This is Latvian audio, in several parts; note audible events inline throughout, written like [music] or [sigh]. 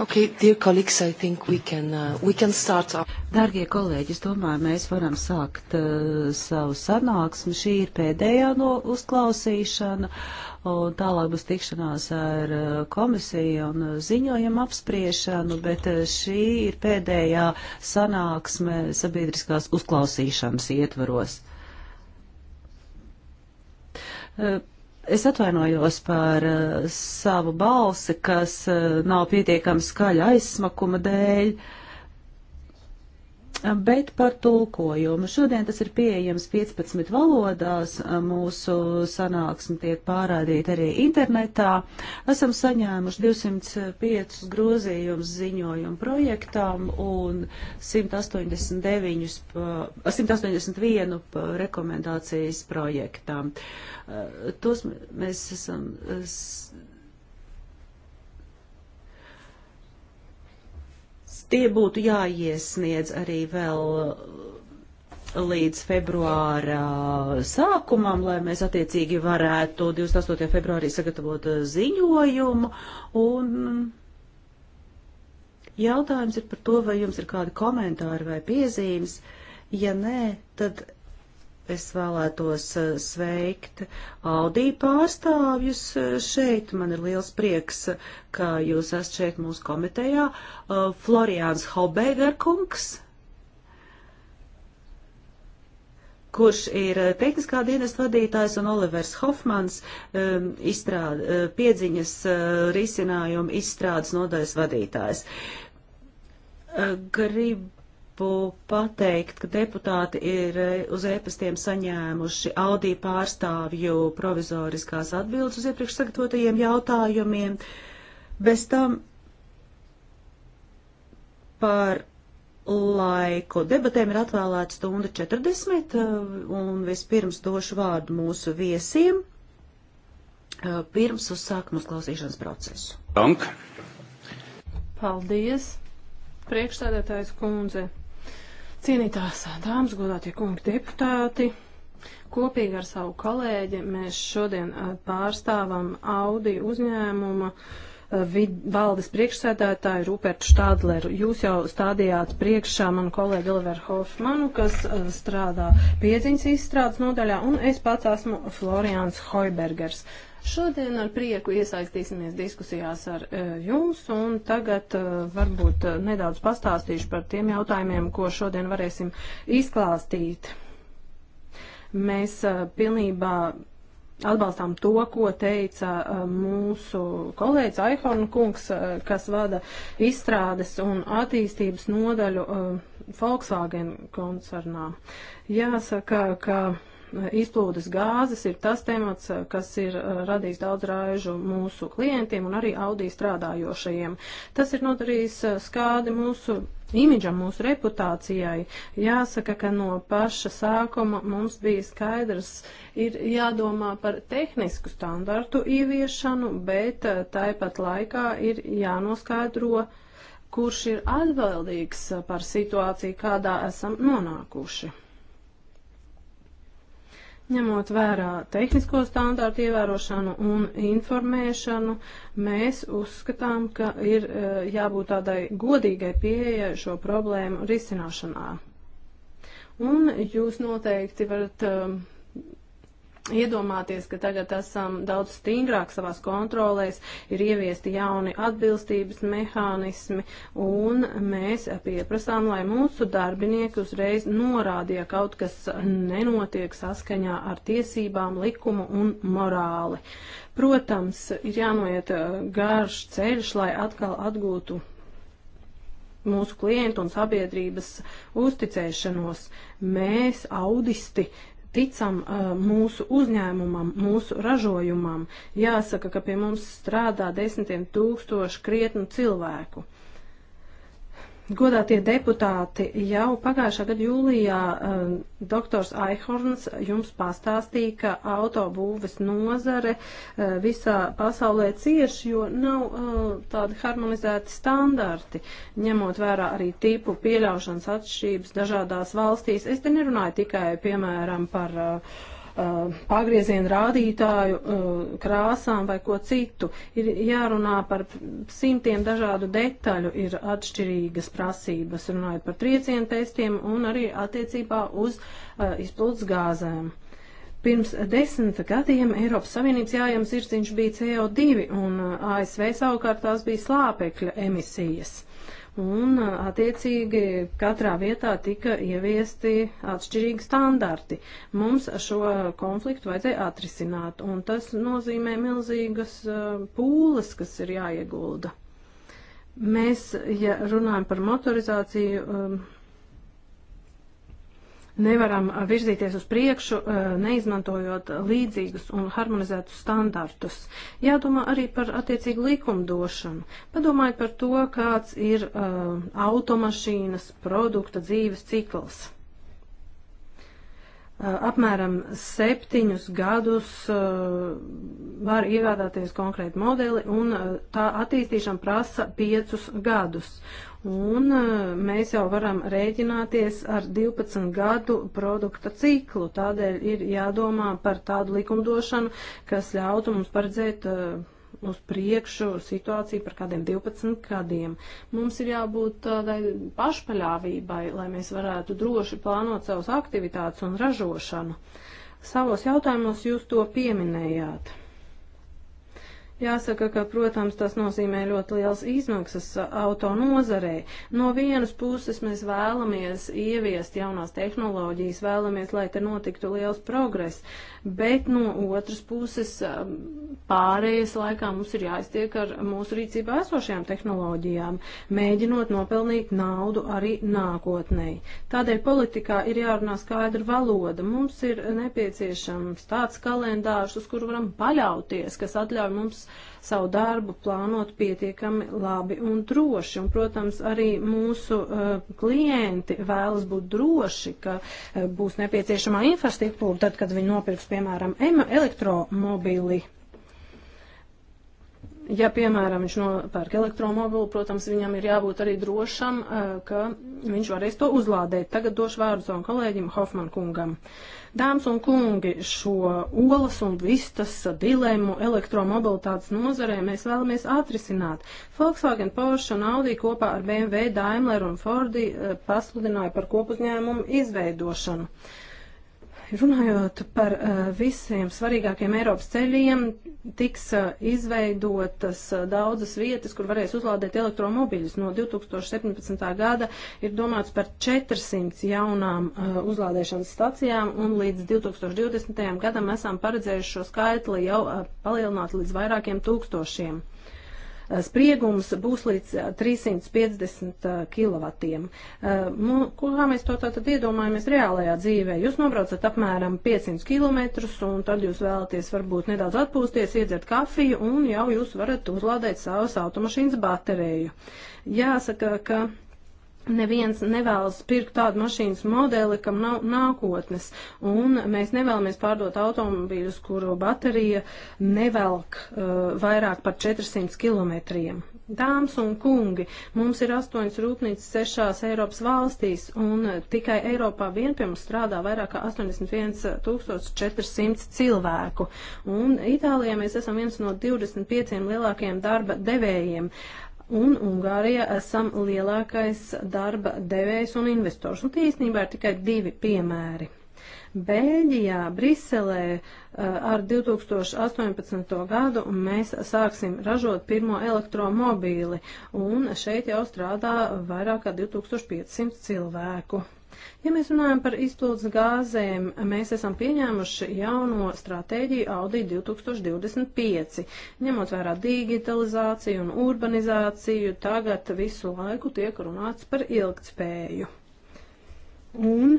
Okay, dear colleagues, I think we can, uh, we can start. Dargie kolēģi, es domāju, mēs varam sākt uh, savu sanāksmi. Šī ir pēdējā no uzklausīšana, un tālāk būs tikšanās ar uh, komisiju un uh, ziņojumu apspriešanu, bet uh, šī ir pēdējā sanāksme sabiedriskās uzklausīšanas ietvaros. Uh, Es atvainojos par eh, savu balsi, kas eh, nav pietiekami skaļa aizsmakuma dēļ. Uh, Bet par tulkojumu. Šodien tas ir pieejams 15 valodās, mūsu sanāksme tiek pārādīta arī internetā. Esam saņēmuši 205 grozījums ziņojumu projektām un 189, 181 rekomendācijas projektām. Tos mēs esam Tie būtu jāiesniedz arī vēl uh, līdz februāra uh, sākumam, lai mēs attiecīgi varētu 28. februārī sagatavot uh, ziņojumu. Un jautājums ir par to, vai jums ir kādi komentāri vai piezīmes. Ja nē, tad Es vēlētos eh, sveikt Audī pārstāvjus eh, šeit. Man ir liels prieks, eh, ka jūs esat šeit mūsu komitejā. Floriāns Hobeigerkungs, kurš ir tehniskā dienesta vadītājs, un Olivers Hofmans, izstrāda, piedziņas risinājuma izstrādes nodaļas vadītājs. Gribu gribu pateikt, ka deputāti ir e, uz ēpastiem saņēmuši Audī pārstāvju provizoriskās atbildes uz iepriekš sagatavotajiem jautājumiem. Bez tam par laiku. Debatēm ir atvēlēta stunda 40, e, un vispirms došu vārdu mūsu viesiem, e, pirms uzsākam uzklausīšanas procesu. Dank. Paldies, priekšstādātājs kundze. Cienītās dāmas, godātie kungi deputāti, kopīgi ar savu kolēģi mēs šodien eh, pārstāvam Audi uzņēmuma uh, vid, valdes priekšsēdētāju Rupertu Štādleru. Jūs jau stādījāt priekšā manu kolēģi Oliveru Hofmanu, kas uh, strādā piedziņas izstrādes nodaļā, un es pats esmu Florians Hoibergers. Šodien ar prieku iesaistīsimies diskusijās ar uh, jums, un tagad uh, varbūt nedaudz pastāstīšu par tiem jautājumiem, ko šodien varēsim izklāstīt. Mēs pilnībā atbalstām to, ko teica uh, mūsu kolēģis Aihorn kungs, uh, kas vada izstrādes un attīstības nodaļu uh, Volkswagen koncernā. Jāsaka, ka izplūdes gāzes ir tas temats, kas ir uh, radījis daudz raižu mūsu klientiem un arī Audi strādājošajiem. Tas ir nodarījis uh, skādi mūsu imidžam, mūsu reputācijai. Jāsaka, ka no paša sākuma mums bija skaidrs, ir jādomā par tehnisku standartu ieviešanu, bet uh, tāpat laikā ir jānoskaidro, kurš ir atbildīgs par situāciju, kādā esam nonākuši. Ņemot vērā tehnisko standārtu ievērošanu un informēšanu, mēs uzskatām, ka ir e, jābūt tādai godīgai pieejai šo problēmu risināšanā. Un jūs noteikti varat e, iedomāties, ka tagad esam daudz stingrāk savās kontrolēs, ir ieviesti jauni atbilstības mehānismi, un mēs pieprasām, lai mūsu darbinieki uzreiz norādīja kaut kas nenotiek saskaņā ar tiesībām, likumu un morāli. Protams, ir jānoiet uh, garš ceļš, lai atkal atgūtu mūsu klientu un sabiedrības uzticēšanos. Mēs, audisti, uh, ticam uh, mūsu uzņēmumam, mūsu ražojumam. Jāsaka, ka pie mums strādā desmitiem tūkstoši krietnu cilvēku. Godātie deputāti, jau pagājušā gada jūlijā um, doktors Aihorns jums pastāstīja, ka autobūves nozare uh, visā pasaulē cieš, jo nav uh, tādi harmonizēti standarti, ņemot vērā arī tipu pieļaušanas atšķirības dažādās valstīs. Es te nerunāju tikai, piemēram, par. Uh, Uh, pagrieziena rādītāju uh, krāsām vai ko citu. Ir jārunā par simtiem dažādu detaļu, ir atšķirīgas prasības, runājot par triecienu testiem un arī attiecībā uz uh, izplūdes gāzēm. Pirms desmit gadiem Eiropas Savienības jājams irdziņš bija CO2 un ASV savukārt tās bija slāpekļa emisijas un attiecīgi katrā vietā tika ieviesti atšķirīgi standarti. Mums šo konfliktu vajadzēja atrisināt, un tas nozīmē milzīgas pūles, kas ir jāiegulda. Mēs, ja runājam par motorizāciju, nevaram eh, virzīties uz priekšu, eh, neizmantojot līdzīgus un harmonizētus standartus. Jādomā arī par attiecīgu likumdošanu. Padomājiet par to, kāds ir eh, automašīnas produkta dzīves cikls apmēram septiņus gadus var iegādāties konkrēti modeli, un tā attīstīšana prasa piecus gadus. Un mēs jau varam rēķināties ar 12 gadu produkta ciklu. Tādēļ ir jādomā par tādu likumdošanu, kas ļautu mums paredzēt uh, uz priekšu situāciju par kādiem 12 gadiem. Mums ir jābūt tādai pašpaļāvībai, lai mēs varētu droši plānot savus aktivitātes un ražošanu. Savos jautājumos jūs to pieminējāt. Jāsaka, ka, protams, tas nozīmē ļoti liels izmaksas auto nozarei. No vienas puses mēs vēlamies ieviest jaunās tehnoloģijas, vēlamies, lai te notiktu liels progress. Uh, bet no otras puses um, pārējais laikā mums ir jāiztiek ar mūsu rīcībā esošajām tehnoloģijām, mēģinot nopelnīt naudu arī nākotnē. Tādēļ politikā ir jārunā skaidra valoda. Mums ir nepieciešams tāds kalendārs, uz kuru varam paļauties, kas atļauj mums uh, savu darbu plānot pietiekami labi un droši. Un, protams, arī mūsu uh, klienti vēlas būt droši, ka uh, būs nepieciešamā infrastruktūra, tad, kad viņi nopirks, piemēram, elektromobili. Ja, piemēram, viņš nopērk elektromobili, protams, viņam ir jābūt arī drošam, uh, ka viņš varēs to uzlādēt. Tagad došu vārdu savam kolēģim Hofman kungam. Uh, Dāmas un kungi, šo olas un vistas dilemmu elektromobilitātes nozarē mēs vēlamies atrisināt. Volkswagen, Porsche un Audi kopā ar BMW, Daimler un Fordi eh, pasludināja par kopuzņēmumu izveidošanu. Uh, Runājot par uh, visiem svarīgākiem Eiropas ceļiem, tiks uh, izveidotas uh, daudzas vietas, kur varēs uzlādēt elektromobīļus. No 2017. gada ir domāts par 400 jaunām uzlādēšanas stacijām, un līdz 2020. gadam esam paredzējuši šo skaitli jau palielināt līdz vairākiem tūkstošiem spriegums būs līdz 350 eh, eh, kW. Eh, nu, kā mēs to tātad iedomājamies reālajā dzīvē? Jūs nobraucat apmēram 500 km un tad jūs vēlaties varbūt nedaudz atpūsties, iedzert kafiju un jau jūs varat uzlādēt savas automašīnas bateriju. Jāsaka, ka Neviens nevēlas pirkt tādu mašīnas modeli, kam nav nākotnes, un mēs nevēlamies pārdot automobīļus, kuru baterija nevelk uh, vairāk par 400 kilometriem. Dāmas un kungi, mums ir astoņas rūpnīcas sešās Eiropas valstīs, un tikai Eiropā vien pie mums strādā vairāk kā 81 400 cilvēku. Un Itālijā mēs esam viens no 25 lielākajiem darba devējiem. Uh, un Ungārijā esam lielākais darba devējs un investors. Un tie īstenībā ir tikai divi piemēri. Bēļģijā, Briselē eh, ar 2018. gadu mēs sāksim ražot pirmo elektromobīli, un šeit jau strādā vairāk kā 2500 cilvēku. Ja mēs runājam par izplūdes gāzēm, mēs esam pieņēmuši jauno stratēģiju Audi 2025. Ņemot vērā digitalizāciju un urbanizāciju, tagad visu laiku tiek runāts par ilgtspēju. Un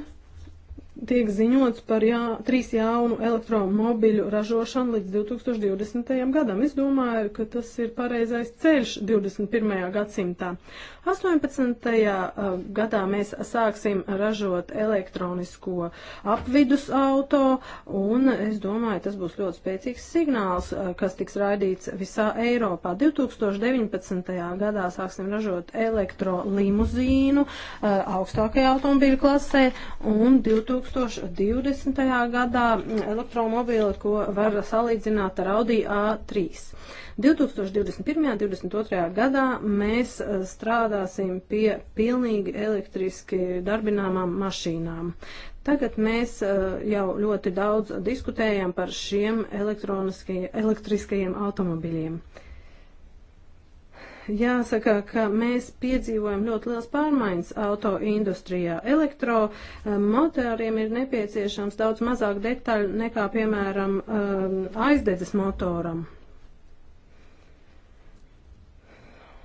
tiek ziņots par jā, trīs jaunu elektromobiļu ražošanu līdz 2020. gadam. Es domāju, ka tas ir pareizais ceļš 21. gadsimtā. 18. Uh, gadā mēs sāksim ražot elektronisko apvidus auto, un es domāju, tas būs ļoti spēcīgs signāls, uh, kas tiks raidīts visā Eiropā. 2019. gadā sāksim ražot elektrolimuzīnu uh, augstākajā automobīļu klasē, un 2020. 2020. gadā elektromobīli, ko var salīdzināt ar Audi A3. 2021. un 2022. gadā mēs eh, strādāsim pie pilnīgi elektriski darbināmām mašīnām. Tagad mēs eh, jau ļoti daudz diskutējam par šiem elektriskajiem automobiļiem jāsaka, ka mēs piedzīvojam ļoti liels pārmaiņas auto industrijā. Elektromotoriem eh, ir nepieciešams daudz mazāk detaļu nekā, piemēram, eh, aizdedzes motoram.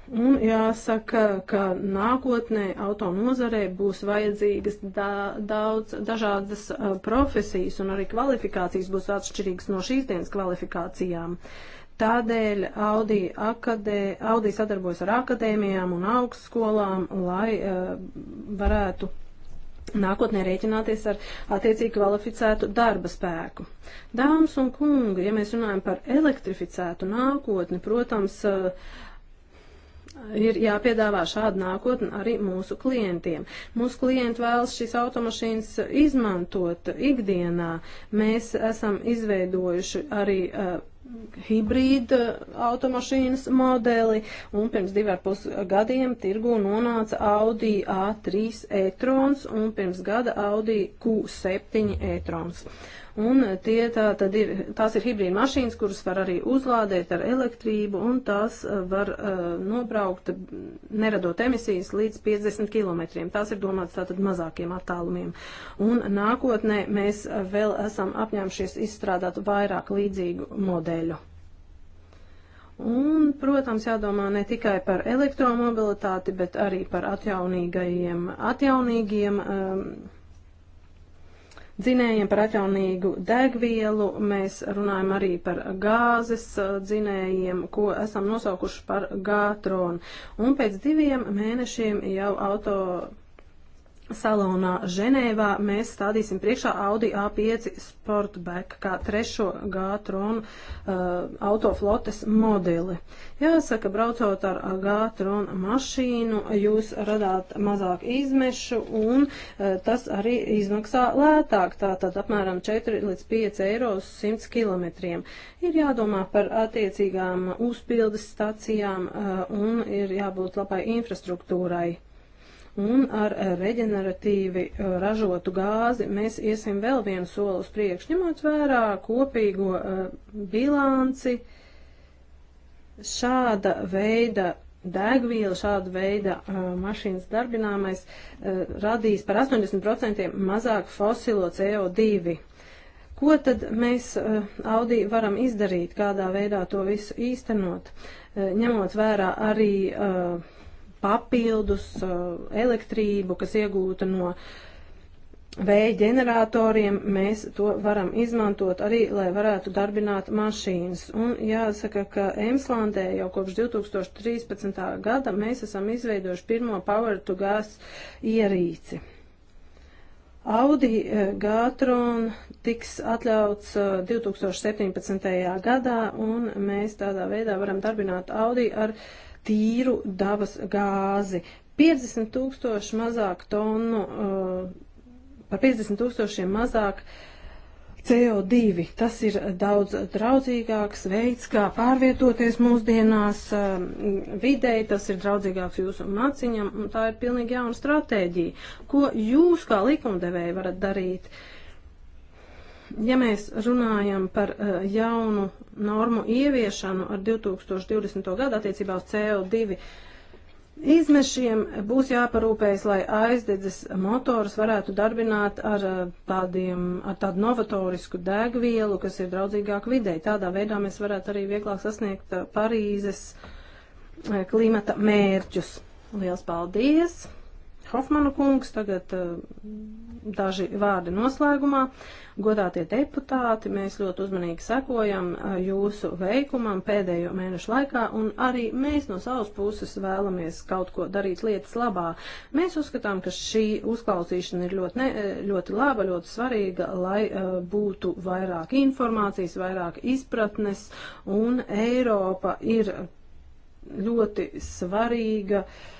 Un jāsaka, ka nākotnē auto nozarē būs vajadzīgas da daudz dažādas eh, profesijas un arī kvalifikācijas būs atšķirīgas no šīs dienas kvalifikācijām. Uh, Tādēļ Audi, akadē, Audi sadarbojas ar akadēmijām un augstskolām, lai uh, varētu nākotnē rēķināties ar attiecīgi kvalificētu darba spēku. Dāmas un kungi, ja mēs runājam par elektrificētu nākotni, protams, eh, ir jāpiedāvā šāda nākotne arī mūsu klientiem. Mūsu klienti vēlas šīs automašīnas izmantot ikdienā. Mēs esam izveidojuši arī uh, hibrīda uh, automašīnas modeli, un pirms diviem pus gadiem tirgu nonāca Audi A3 e-trons un pirms gada Audi Q7 e-trons. Uh, Un tie tā tad ir, tās ir hibrīda mašīnas, kuras var arī uzlādēt ar elektrību, un tās eh, var uh, nobraukt, neradot emisijas, līdz 50 km. Tās ir domātas tātad mazākiem attālumiem. Un nākotnē mēs eh, vēl esam apņēmušies izstrādāt vairāk līdzīgu modeļu. Un, protams, jādomā ne tikai par elektromobilitāti, bet arī par atjaunīgajiem, atjaunīgiem um, dzinējiem, par atjaunīgu degvielu. Mēs runājam arī par gāzes uh, dzinējiem, ko esam nosaukuši par gātronu. Un pēc diviem mēnešiem jau auto salonā Ženēvā mēs stādīsim priekšā Audi A5 Sportback kā trešo G-tronu uh, autoflotes modeli. Jāsaka, braucot ar uh, G-tronu mašīnu, jūs radāt mazāk izmešu un uh, tas arī izmaksā lētāk, tātad apmēram 4 līdz 5 eiro 100 km. Ir jādomā par attiecīgām uzpildes stacijām uh, un ir jābūt labai infrastruktūrai un ar eh, reģeneratīvi eh, ražotu gāzi mēs iesim vēl vienu soli uz priekšu, ņemot vērā kopīgo eh, bilanci. Šāda veida degviela, šāda veida mašīnas darbināmais radīs par 80% mazāk fosilo CO2. Ko tad mēs Audi varam izdarīt, kādā veidā to visu īstenot, ņemot vērā arī uh, papildus uh, elektrību, kas iegūta no vēja ģeneratoriem, mēs to varam izmantot arī, lai varētu darbināt mašīnas. Un jāsaka, ka Emslandē jau kopš 2013. gada mēs esam izveidojuši pirmo Power to Gas ierīci. Audi eh, Gātron tiks atļauts 2017. Eh, gadā, un mēs tādā veidā varam darbināt Audi ar uh, tīru dabas gāzi. 50 tūkstoši mazāk tonu, uh, par 50 tūkstošiem mazāk CO2. Tas ir daudz draudzīgāks veids, kā pārvietoties mūsdienās uh, um, videi, tas ir draudzīgāks jūsu maciņam, un tā ir pilnīgi jauna stratēģija. Ko jūs kā likumdevēji varat darīt? Uh, Ja mēs runājam par uh, jaunu normu ieviešanu ar 2020. gadu attiecībā uz CO2 izmešiem, būs jāparūpējas, lai aizdedzes motors varētu darbināt ar, eh, tādiem, ar tādu novatorisku degvielu, kas ir draudzīgāk videi. Tādā veidā mēs varētu arī vieglāk sasniegt eh, Parīzes klimata mērķus. Liels paldies! Hofmanu kungs, tagad eh, daži vārdi noslēgumā. Godātie deputāti, mēs ļoti uzmanīgi sekojam eh, jūsu veikumam pēdējo mēnešu laikā, un arī mēs no savas puses vēlamies kaut ko darīt lietas labā. Mēs uzskatām, ka šī uzklausīšana ir ļoti, ne, eh, ļoti laba, ļoti svarīga, lai būtu vairāk informācijas, vairāk izpratnes, un Eiropa ir ļoti svarīga. Uh,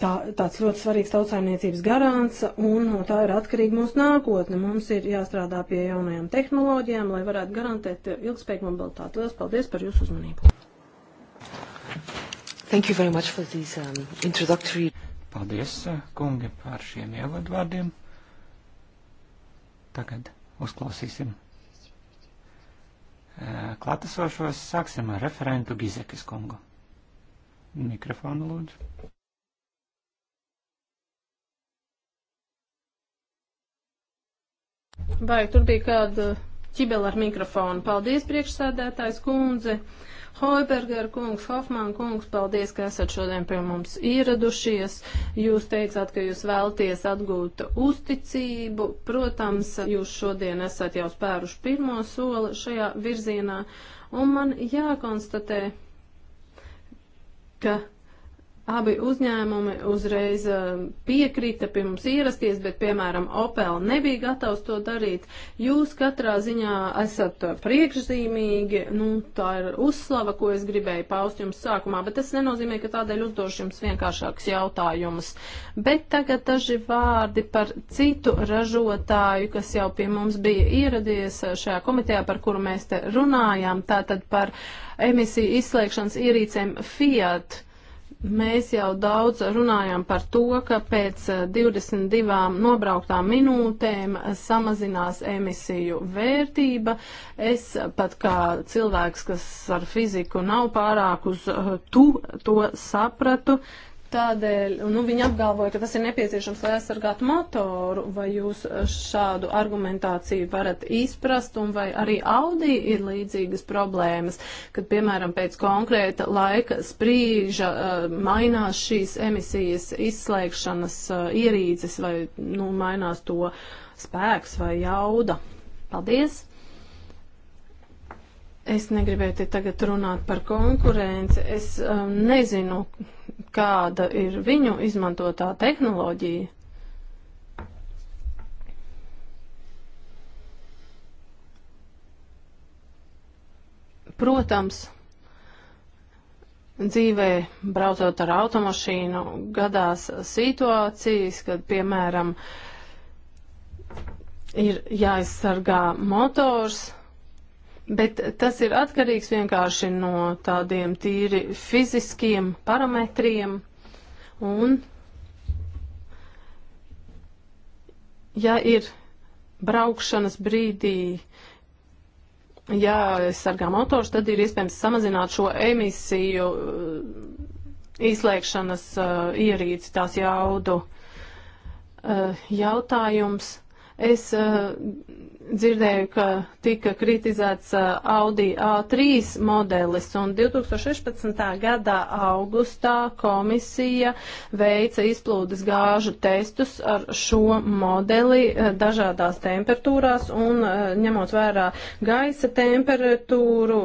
tā, tāds ļoti svarīgs tautsājumniecības garants, un tā ir atkarīga mūsu nākotne. Mums ir jāstrādā pie jaunajām tehnoloģijām, lai varētu garantēt ilgspējīgu mobilitāti. Lielas paldies par jūsu uzmanību! Thank you very much for these um, introductory. Paldies, uh, kungi, par šiem ievadvārdiem. Tagad uzklausīsim uh, klātesošos sāksim ar referentu Gizekas kungu. Mikrofonu lūdzu. Vai tur bija kāda ķibela ar mikrofonu? Paldies, priekšsēdētājs kundze. Hoiberger kungs, Hofman kungs, paldies, ka esat šodien pie mums ieradušies. Jūs teicāt, ka jūs vēlties atgūt uzticību. Protams, jūs šodien esat jau spēruši pirmo soli šajā virzienā. Un man jākonstatē, ka Abi uzņēmumi uzreiz eh, piekrita pie mums ierasties, bet, piemēram, Opel nebija gatavs to darīt. Jūs katrā ziņā esat eh, priekšzīmīgi, nu, tā ir uzslava, ko es gribēju paust jums sākumā, bet tas nenozīmē, ka tādēļ uzdošu jums vienkāršākus jautājumus. Bet tagad daži vārdi par citu ražotāju, kas jau pie mums bija ieradies eh, šajā komitejā, par kuru mēs te runājām, tātad par emisiju izslēgšanas ierīcēm Fiat. Mēs jau daudz runājam par to, ka pēc 22 eh, nobrauktām minūtēm eh, samazinās emisiju vērtība. Es pat kā cilvēks, kas ar fiziku nav pārāk uz eh, tu, to sapratu, uh, Tādēļ nu, viņi apgalvoja, ka tas ir nepieciešams, lai aizsargātu motoru. Vai jūs eh, šādu argumentāciju varat izprast, un vai arī Audi ir līdzīgas problēmas, kad, piemēram, pēc konkrēta laika sprīža eh, mainās šīs emisijas izslēgšanas eh, ierīces, vai nu, mainās to spēks vai jauda? Paldies! Es negribēju te tagad runāt par konkurenci. Es um, nezinu, kāda ir viņu izmantotā tehnoloģija. Protams, dzīvē braucot ar automašīnu gadās situācijas, kad, piemēram, ir jāizsargā motors Bet tas ir atkarīgs vienkārši no tādiem tīri fiziskiem parametriem. Un, ja ir braukšanas brīdī jāsargā ja motors, tad ir iespējams samazināt šo emisiju uh, izslēgšanas uh, ierīci, tās jaudu uh, jautājums. Es uh, dzirdēju, ka tika kritizēts Audi A3 modelis, un 2016. gadā augustā komisija veica izplūdes gāžu testus ar šo modeli dažādās temperatūrās, un ņemot vērā gaisa temperatūru,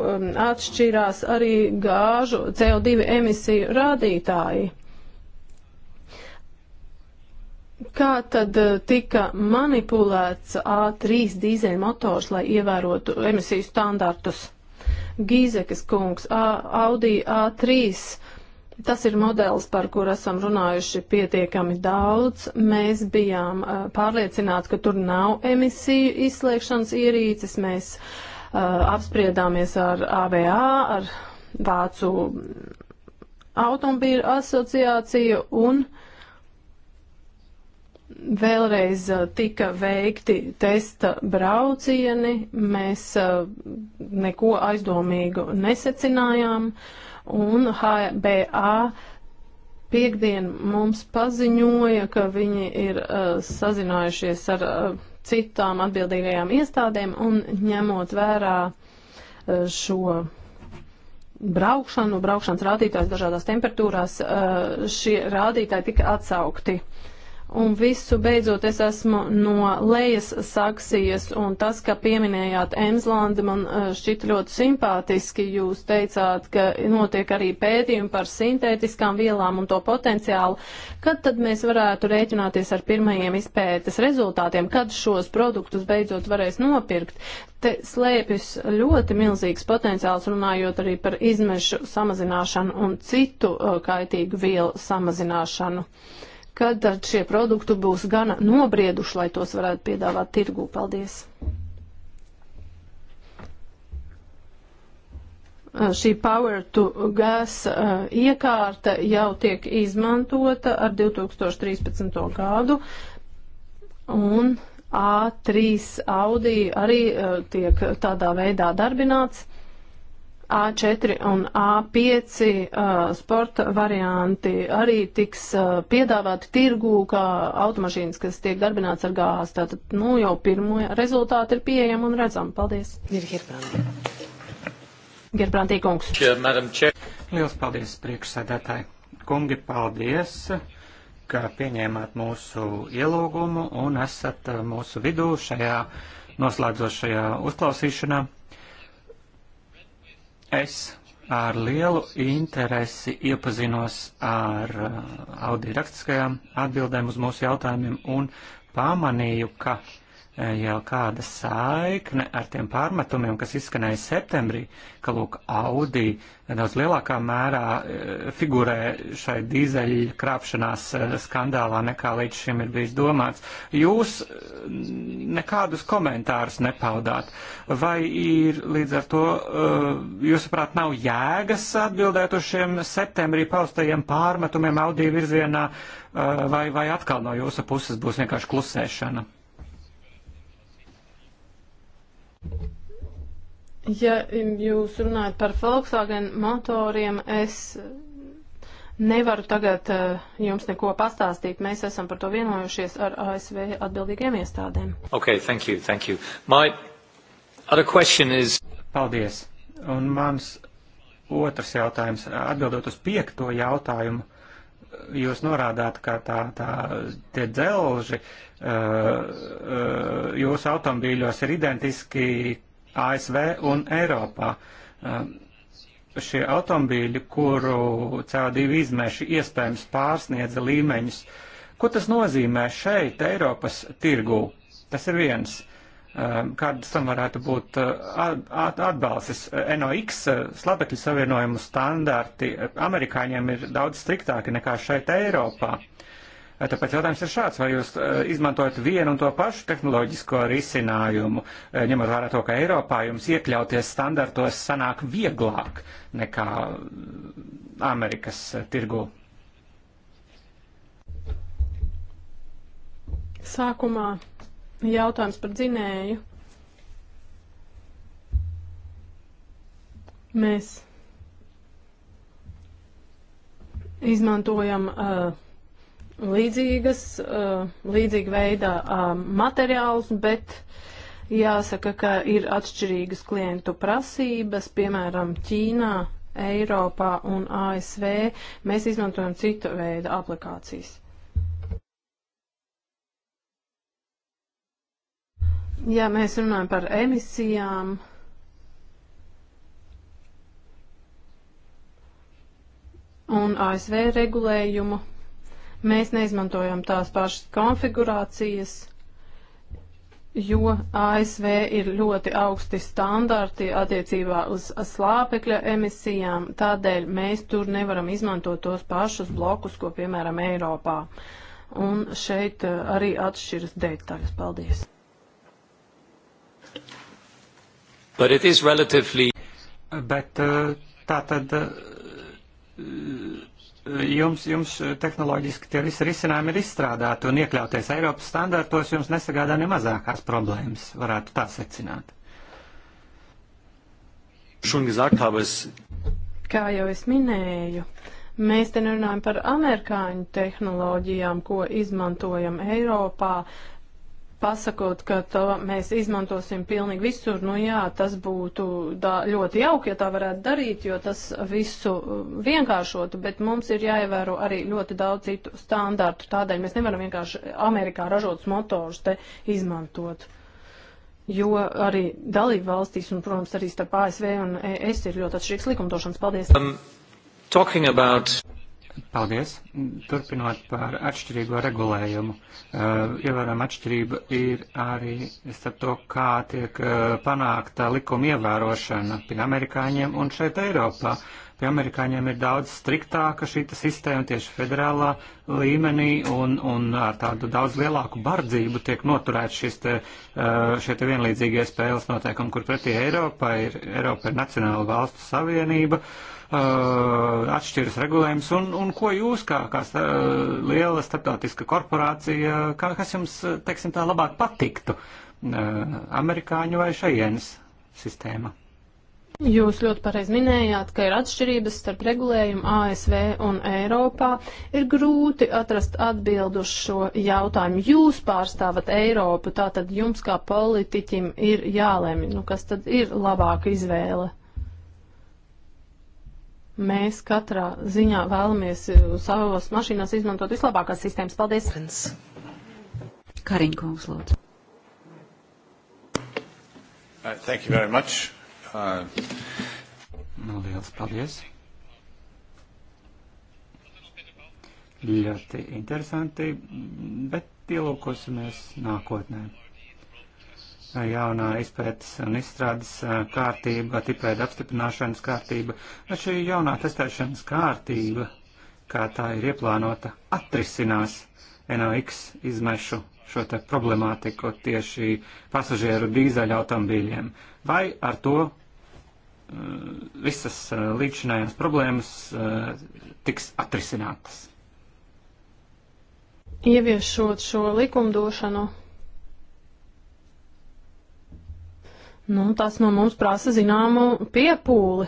atšķirās arī gāžu CO2 emisiju rādītāji. Kā tad eh, tika manipulēts A3 dīzeļmotors, lai ievērotu emisiju standartus? Gīzekas kungs, A, Audi A3. Tas ir modelis, par kur esam runājuši pietiekami daudz. Mēs bijām uh, pārliecināti, ka tur nav emisiju izslēgšanas ierīces. Mēs uh, apspriedāmies ar AVA, ar Vācu automobīļu asociāciju un uh, Vēlreiz eh, tika veikti testa braucieni, mēs eh, neko aizdomīgu nesecinājām, un HBA piekdien mums paziņoja, ka viņi ir uh, sazinājušies ar uh, citām atbildīgajām iestādēm un ņemot vērā uh, šo braukšanu, braukšanas rādītājs dažādās temperatūrās, uh, šie rādītāji tika atsaukti. Uh, Un visu beidzot es esmu no lejas saksijas, un tas, ka pieminējāt Emslandi, man e, šķita ļoti simpātiski. Jūs teicāt, ka notiek arī pētījumi par sintētiskām vielām un to potenciālu. Kad tad mēs varētu rēķināties ar pirmajiem izpētes rezultātiem, kad šos produktus beidzot varēs nopirkt? Te slēpjas ļoti milzīgs potenciāls, runājot arī par izmešu samazināšanu un citu e, kaitīgu vielu samazināšanu. Uh, kad tad šie produkti būs gana nobrieduši, lai tos varētu piedāvāt tirgū. Paldies! Šī power to gas uh, iekārta jau tiek izmantota ar 2013. gadu, un A3 Audi arī uh, tiek tādā veidā darbināts. A4 un A5 uh, sporta varianti arī tiks uh, piedāvāti tirgū kā automašīnas, kas tiek darbināts ar gāzi. Tātad, nu, jau pirmo rezultāti ir pieejami un redzami. Paldies! Ir Gerbrandī. Gerbrandī kungs. Liels paldies, priekšsēdētāji. Kungi, paldies! ka pieņēmāt mūsu ielūgumu un esat mūsu vidū šajā noslēdzošajā uzklausīšanā. Es ar lielu interesi iepazinos ar uh, audio rakstiskajām atbildēm uz mūsu jautājumiem un pamanīju, ka uh, Eh, jau kāda saikne ar tiem pārmetumiem, kas izskanēja septembrī, ka lūk, Audi daudz lielākā mērā eh, figurē šai dīzeļu krāpšanās eh, skandālā nekā līdz šim ir bijis domāts. Jūs nekādus komentārus nepaudāt. Vai ir līdz ar to, jūsuprāt, nav jēgas atbildēt uz šiem septembrī paustajiem pārmetumiem Audi virzienā, vai, vai atkal no jūsu puses būs vienkārši klusēšana? Ja jūs runājat par Volkswagen motoriem, es nevaru tagad eh, jums neko pastāstīt. Mēs esam par to vienojušies ar ASV atbildīgiem iestādēm. Ok, thank you, thank you. My other question is. Paldies. Un mans otrs jautājums, atbildot uz piekto jautājumu jūs norādāt, ka tā, tā, tie dzelži uh, uh, jūsu automobīļos ir identiski ASV un Eiropā. Um, šie automobīļi, kuru CO2 izmeši iespējams pārsniedza līmeņus, ko tas nozīmē šeit, Eiropas tirgū? Tas ir viens. Uh, Um, kādas tam varētu būt uh, atbalstis. NOx uh, slapekļu savienojumu standarti uh, amerikāņiem ir daudz striktāki nekā šeit Eiropā. Tāpēc jautājums ir šāds, vai jūs izmantojat vienu un to pašu tehnoloģisko risinājumu, ņemot vērā to, ka Eiropā jums iekļauties standartos sanāk vieglāk nekā Amerikas tirgu. Sākumā Jautājums par dzinēju. Mēs izmantojam uh, līdzīgas, uh, līdzīga veidā uh, materiālus, bet jāsaka, ka ir atšķirīgas klientu prasības, piemēram, Ķīnā, Eiropā un ASV mēs izmantojam citu veidu aplikācijas. Ja mēs runājam par emisijām, un ASV regulējumu. Mēs neizmantojam tās pašas konfigurācijas, jo ASV ir ļoti augsti standarti attiecībā uz slāpekļa emisijām, tādēļ mēs tur nevaram izmantot tos pašus blokus, ko piemēram Eiropā. Un šeit eh, arī atšķiras detaļas. Paldies! Relatively... Bet eh, tā tad eh, eh, jums, jums tehnoloģiski tie visi risinājumi ir izstrādāti un iekļauties Eiropas standartos jums nesagādā ne mazākās problēmas, varētu tā secināt. Kā jau es minēju, mēs te nerunājam par amerikāņu tehnoloģijām, ko izmantojam Eiropā. Uh, pasakot, ka to mēs izmantosim pilnīgi visur, nu jā, tas būtu da, ļoti jauki, ja tā varētu darīt, jo tas visu uh, vienkāršotu, bet mums ir jāievēro arī ļoti daudz citu standārtu, tādēļ mēs nevaram vienkārši Amerikā ražotus motorus te izmantot. Jo arī dalību valstīs un, protams, arī starp ASV un ES ir ļoti atšķirīgs likumdošanas. Paldies! Um, about... Paldies. Turpinot par atšķirīgo regulējumu. Uh, Ievērojama atšķirība ir arī starp to, kā tiek uh, panākta likuma ievērošana pie amerikāņiem un šeit Eiropā. Pie amerikāņiem ir daudz striktāka šī sistēma tieši federālā līmenī un, un ar tādu daudz lielāku bardzību tiek noturēt šis te, uh, šie te vienlīdzīgie spēles noteikumi, kur pretī Eiropā ir, Eiropa ir Nacionāla valstu savienība. Uh, Uh, atšķiras regulējums un, un ko jūs kā, kā sta, liela starptautiska korporācija, kā, kas jums, teiksim tā, labāk patiktu? Uh, amerikāņu vai šajienas sistēma? Jūs ļoti pareizi minējāt, ka ir atšķirības starp regulējumu ASV un Eiropā. Ir grūti atrast atbildu uz šo jautājumu. Jūs pārstāvat Eiropu, tātad jums kā politiķim ir jālemj, nu kas tad ir labāka izvēle? Mēs katrā ziņā vēlamies eh, savos mašīnās izmantot vislabākās sistēmas. Paldies! Kariņkungs, lūdzu. Uh, thank you very much. Uh... Nu, liels paldies. Ļoti interesanti, bet ielūkosimies nākotnē jaunā izpētes un izstrādes kārtība, tipveida apstiprināšanas kārtība. Šī jaunā testēšanas kārtība, kā tā ir ieplānota, atrisinās NOx izmešu šo te problemātiku tieši pasažieru dīzeļa automobīļiem. Vai ar to uh, visas uh, līdzinājās problēmas uh, tiks atrisinātas? Ieviešot šo likumdošanu, Nu, tas no mums prasa zināmu piepūli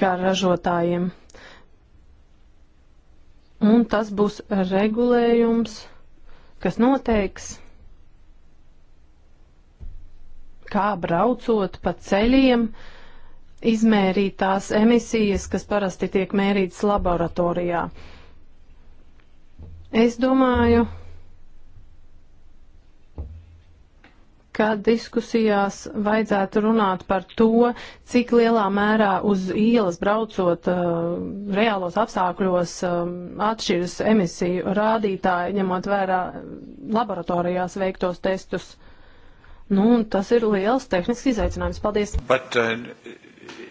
kā ražotājiem. Un tas būs regulējums, kas noteiks, kā braucot pa ceļiem, izmērīt tās emisijas, kas parasti tiek mērītas laboratorijā. Es domāju, ka diskusijās vajadzētu runāt par to, cik lielā mērā uz ielas braucot uh, reālos apstākļos um, atšķiras emisiju rādītāji, ņemot vērā laboratorijās veiktos testus. Nu, tas ir liels tehnisks izaicinājums. Paldies! But, uh,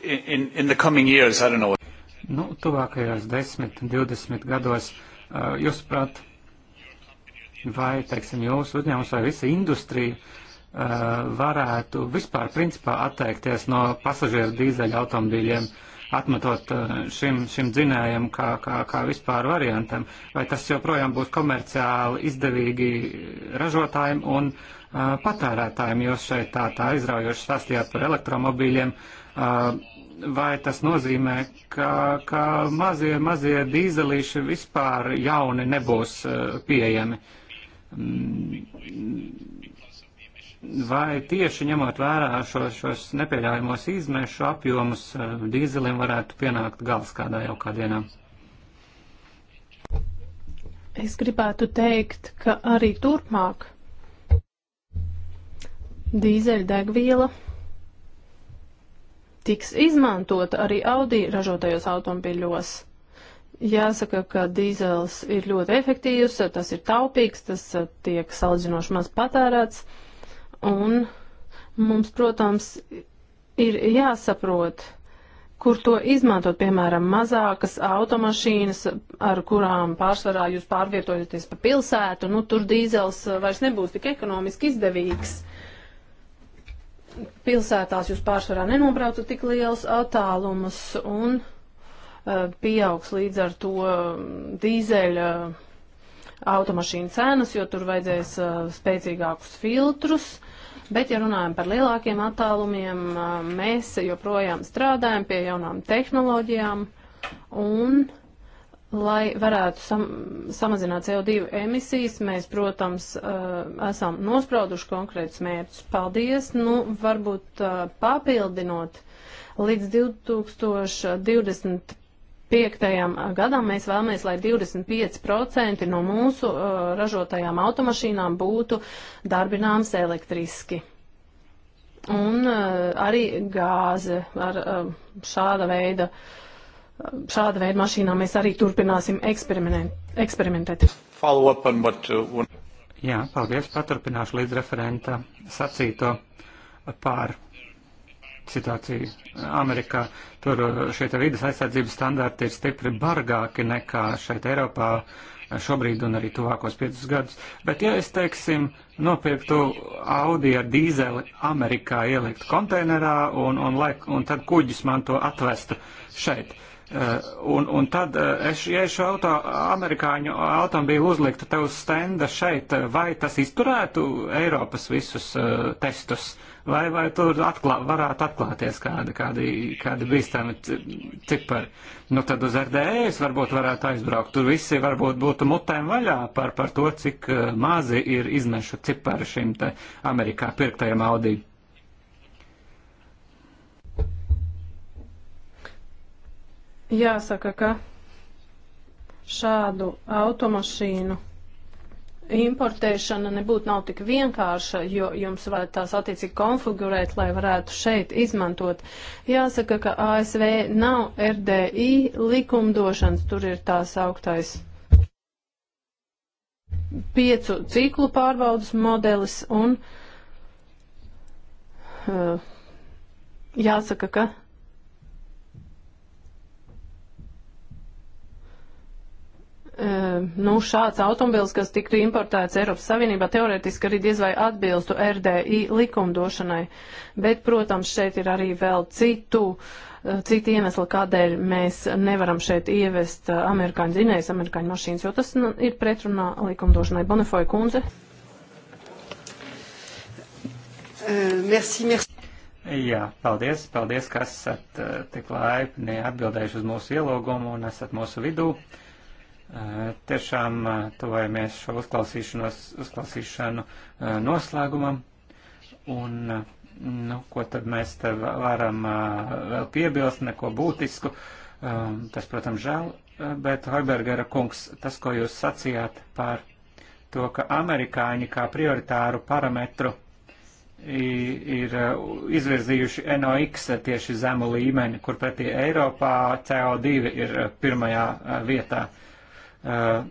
in, in the coming years, I don't know. Nu, tuvākajos 10, 20 gados, uh, jūs prāt, vai, teiksim, jūsu uzņēmums vai visa industrija uh, Uh, varētu vispār principā atteikties no pasažieru dīzeļa automobīļiem, atmetot uh, šim, šim dzinējam kā, kā, kā vispār variantam? Vai tas joprojām būs komerciāli izdevīgi ražotājiem un uh, patērētājiem, jo šeit tā, tā izraujoši stāstījāt par elektromobīļiem? Uh, vai tas nozīmē, ka, ka mazie, mazie dīzelīši vispār jauni nebūs uh, pieejami? Mm, Vai tieši ņemot vērā šos, šos nepieļaujamos izmešu apjomus, eh, dīzelim varētu pienākt gals kādā jaukā dienā? Es gribētu teikt, ka arī turpmāk dīzeļdegviela tiks izmantota arī Audi ražotajos automobiļos. Jāsaka, ka dīzels ir ļoti efektīvs, tas ir taupīgs, tas eh, tiek salīdzinoši maz patērēts. Un mums, protams, ir jāsaprot, kur to izmantot, piemēram, mazākas automašīnas, ar kurām pārsvarā jūs pārvietojaties pa pilsētu, nu tur dīzels uh, vairs nebūs tik ekonomiski izdevīgs. Pilsētās jūs pārsvarā nenobraucat tik lielus attālumus un uh, pieaugs līdz ar to um, dīzeļa automašīnu cenas, jo tur vajadzēs uh, spēcīgākus filtrus Bet, ja runājam par lielākiem attālumiem, mēs joprojām strādājam pie jaunām tehnoloģijām un Lai varētu sam samazināt CO2 emisijas, mēs, protams, uh, esam nosprauduši konkrētus mērķus. Paldies! Nu, varbūt uh, papildinot līdz 2025 piektajam gadam mēs vēlamies, lai 25% no mūsu uh, ražotajām automašīnām būtu darbināms elektriski. Un uh, arī gāze ar uh, šāda veida, šāda veida mašīnām mēs arī turpināsim eksperimentēt. Follow up on what, uh, one... Jā, paldies, paturpināšu līdz referenta sacīto pār situāciju Amerikā. Tur šie vidas aizsardzības standarti ir stipri bargāki nekā šeit Eiropā šobrīd un arī tuvākos piecus gadus. Bet, ja es, teiksim, nopirktu Audi ar dīzeli Amerikā ielikt konteinerā un, un, laik, un tad kuģis man to atvestu šeit, Eh, un, un tad, eh, es, ja šo auto, amerikāņu automobīlu uzliktu tev uz stenda šeit, eh, vai tas izturētu Eiropas visus uh, testus, vai, vai tur atklā, varētu atklāties kādi, kādi, kādi bīstami cipari. Nu tad uz RDS e varbūt varētu aizbraukt. Tur visi varbūt būtu mutēm vaļā par, par to, cik mazi ir izmešu cipari šim te Amerikā pirktajam audīm. Jāsaka, ka šādu automašīnu importēšana nebūtu nav tik vienkārša, jo jums vajag tās attiecīgi konfigurēt, lai varētu šeit izmantot. Jāsaka, ka ASV nav RDI likumdošanas, tur ir tās augtais piecu ciklu pārbaudas modelis un uh, jāsaka, ka nu, šāds automobils, kas tiktu importēts Eiropas Savienībā, teoretiski arī diez vai atbilstu RDI likumdošanai. Bet, protams, šeit ir arī vēl citu, citu iemeslu, kādēļ mēs nevaram šeit ievest amerikāņu dzinējas, amerikāņu mašīnas, jo tas nu, ir pretrunā likumdošanai. Bonifoja kundze. Merci, merci. Jā, paldies, paldies, ka esat tik laipni atbildējuši uz mūsu ielūgumu un esat mūsu vidū. Uh, Tiešām tuvojamies šo uzklausīšanu noslēgumam. Un, nu, ko tad mēs te varam vēl piebilst, neko būtisku? Tas, protams, žēl, bet Hoibergera kungs, tas, ko jūs sacījāt par to, ka amerikāņi kā prioritāru parametru ir izvirzījuši NOx tieši zemu līmeni, kur pretī Eiropā CO2 ir pirmajā vietā. Uh, Eh,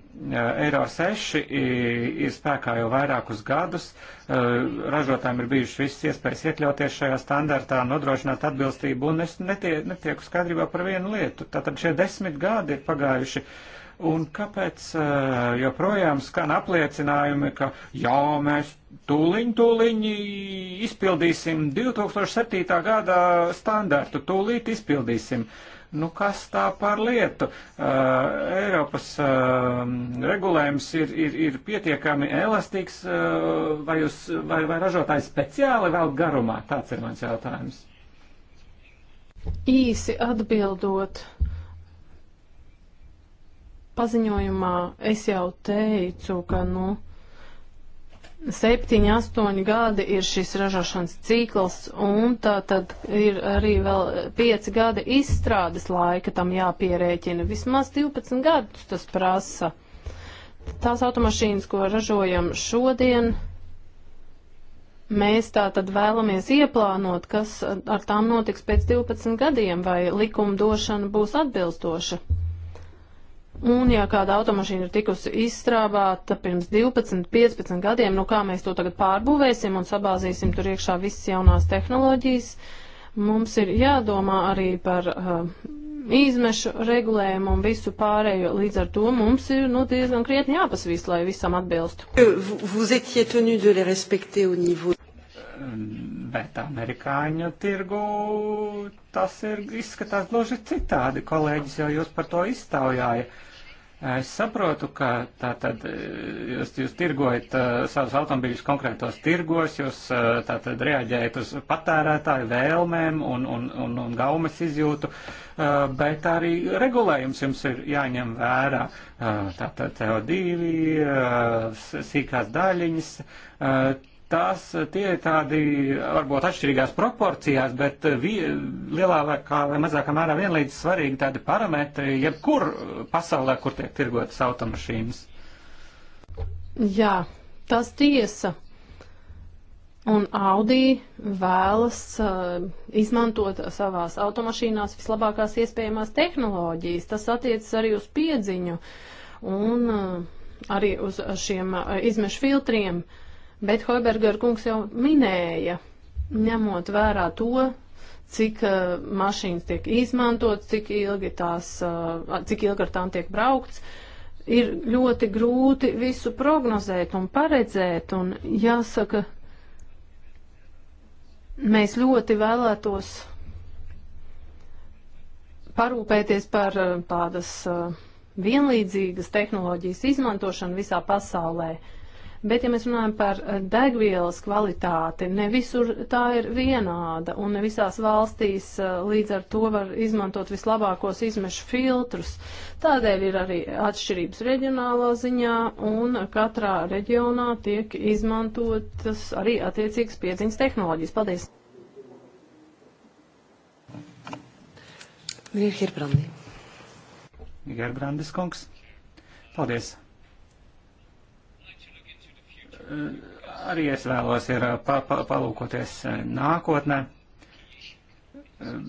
Eiro 6 ir spēkā jau vairākus gadus. Eh, ražotājiem ir bijušas visas iespējas iekļauties šajā standartā, nodrošināt atbilstību, un es netie, netieku skaidrībā par vienu lietu. Tātad šie desmit gadi ir pagājuši. Un kāpēc eh, joprojām skan apliecinājumi, ka jā, mēs tūliņ, tūliņ izpildīsim 2007. gada standartu, tūlīt izpildīsim. Uh, Nu, kas tā par lietu? Uh, Eiropas uh, regulējums ir, ir, ir pietiekami elastīgs, uh, vai, jūs, vai, vai ražotājs speciāli vēl garumā? Tāds ir mans jautājums. Īsi atbildot, paziņojumā es jau teicu, ka, nu, Septiņi, astoņi gadi ir šis ražošanas cikls, un tā tad ir arī vēl pieci gadi izstrādes laika tam jāpierēķina. Vismaz 12 gadus tas prasa. Tās automašīnas, ko ražojam šodien, mēs tā tad vēlamies ieplānot, kas ar tām notiks pēc 12 gadiem, vai likumdošana būs atbilstoša. Un, ja kāda automašīna ir tikusi izstrāvāta pirms 12, 15 gadiem, nu kā mēs to tagad pārbūvēsim un sabāzīsim tur iekšā visas jaunās tehnoloģijas, mums ir jādomā arī par uh, izmešu regulējumu un visu pārējo. Līdz ar to mums ir nu, diezgan krietni jāpasvīst, lai visam atbilstu. Bet amerikāņu tirgu tas ir izskatās gluži citādi. Kolēģis jau jūs par to iztaujāja. Uh, Es saprotu, ka tātad eh, jūs, jūs tirgojat uh, savus automobīļus konkrētos tirgos, jūs uh, eh, tātad reaģējat uz patērētāju vēlmēm un, un, un, un gaumes izjūtu, uh, bet arī regulējums jums ir jāņem vērā. Uh, tātad CO2, uh, sīkās daļiņas, uh, tās eh, tie ir tādi varbūt atšķirīgās proporcijās, bet eh, vi, lielākā vai mazākā mērā vienlīdz svarīgi tādi parametri, jebkur pasaulē, kur tiek tirgotas automašīnas. Jā, tas tiesa. Un Audi vēlas uh, izmantot savās automašīnās vislabākās iespējamās tehnoloģijas. Tas attiecas arī uz piedziņu un uh, arī uz šiem uh, izmešu filtriem. Uh, Bet Hoiberger kungs jau minēja, ņemot vērā to, cik uh, mašīnas tiek izmantotas, cik ilgi tās, uh, cik ilgi ar tām tiek braukts, ir ļoti grūti visu prognozēt un paredzēt, un jāsaka, mēs ļoti vēlētos parūpēties par uh, tādas uh, vienlīdzīgas tehnoloģijas izmantošanu visā pasaulē. Uh, Bet, ja mēs runājam par eh, degvielas kvalitāti, ne visur tā ir vienāda, un ne visās valstīs eh, līdz ar to var izmantot vislabākos izmešu filtrus. Tādēļ ir arī atšķirības reģionālā ziņā, un katrā reģionā tiek izmantotas arī attiecīgas piedziņas tehnoloģijas. Paldies! Gerbrandi. Gerbrandis kungs. Paldies! arī es vēlos ir uh, pa, pa, palūkoties uh, nākotnē. Um,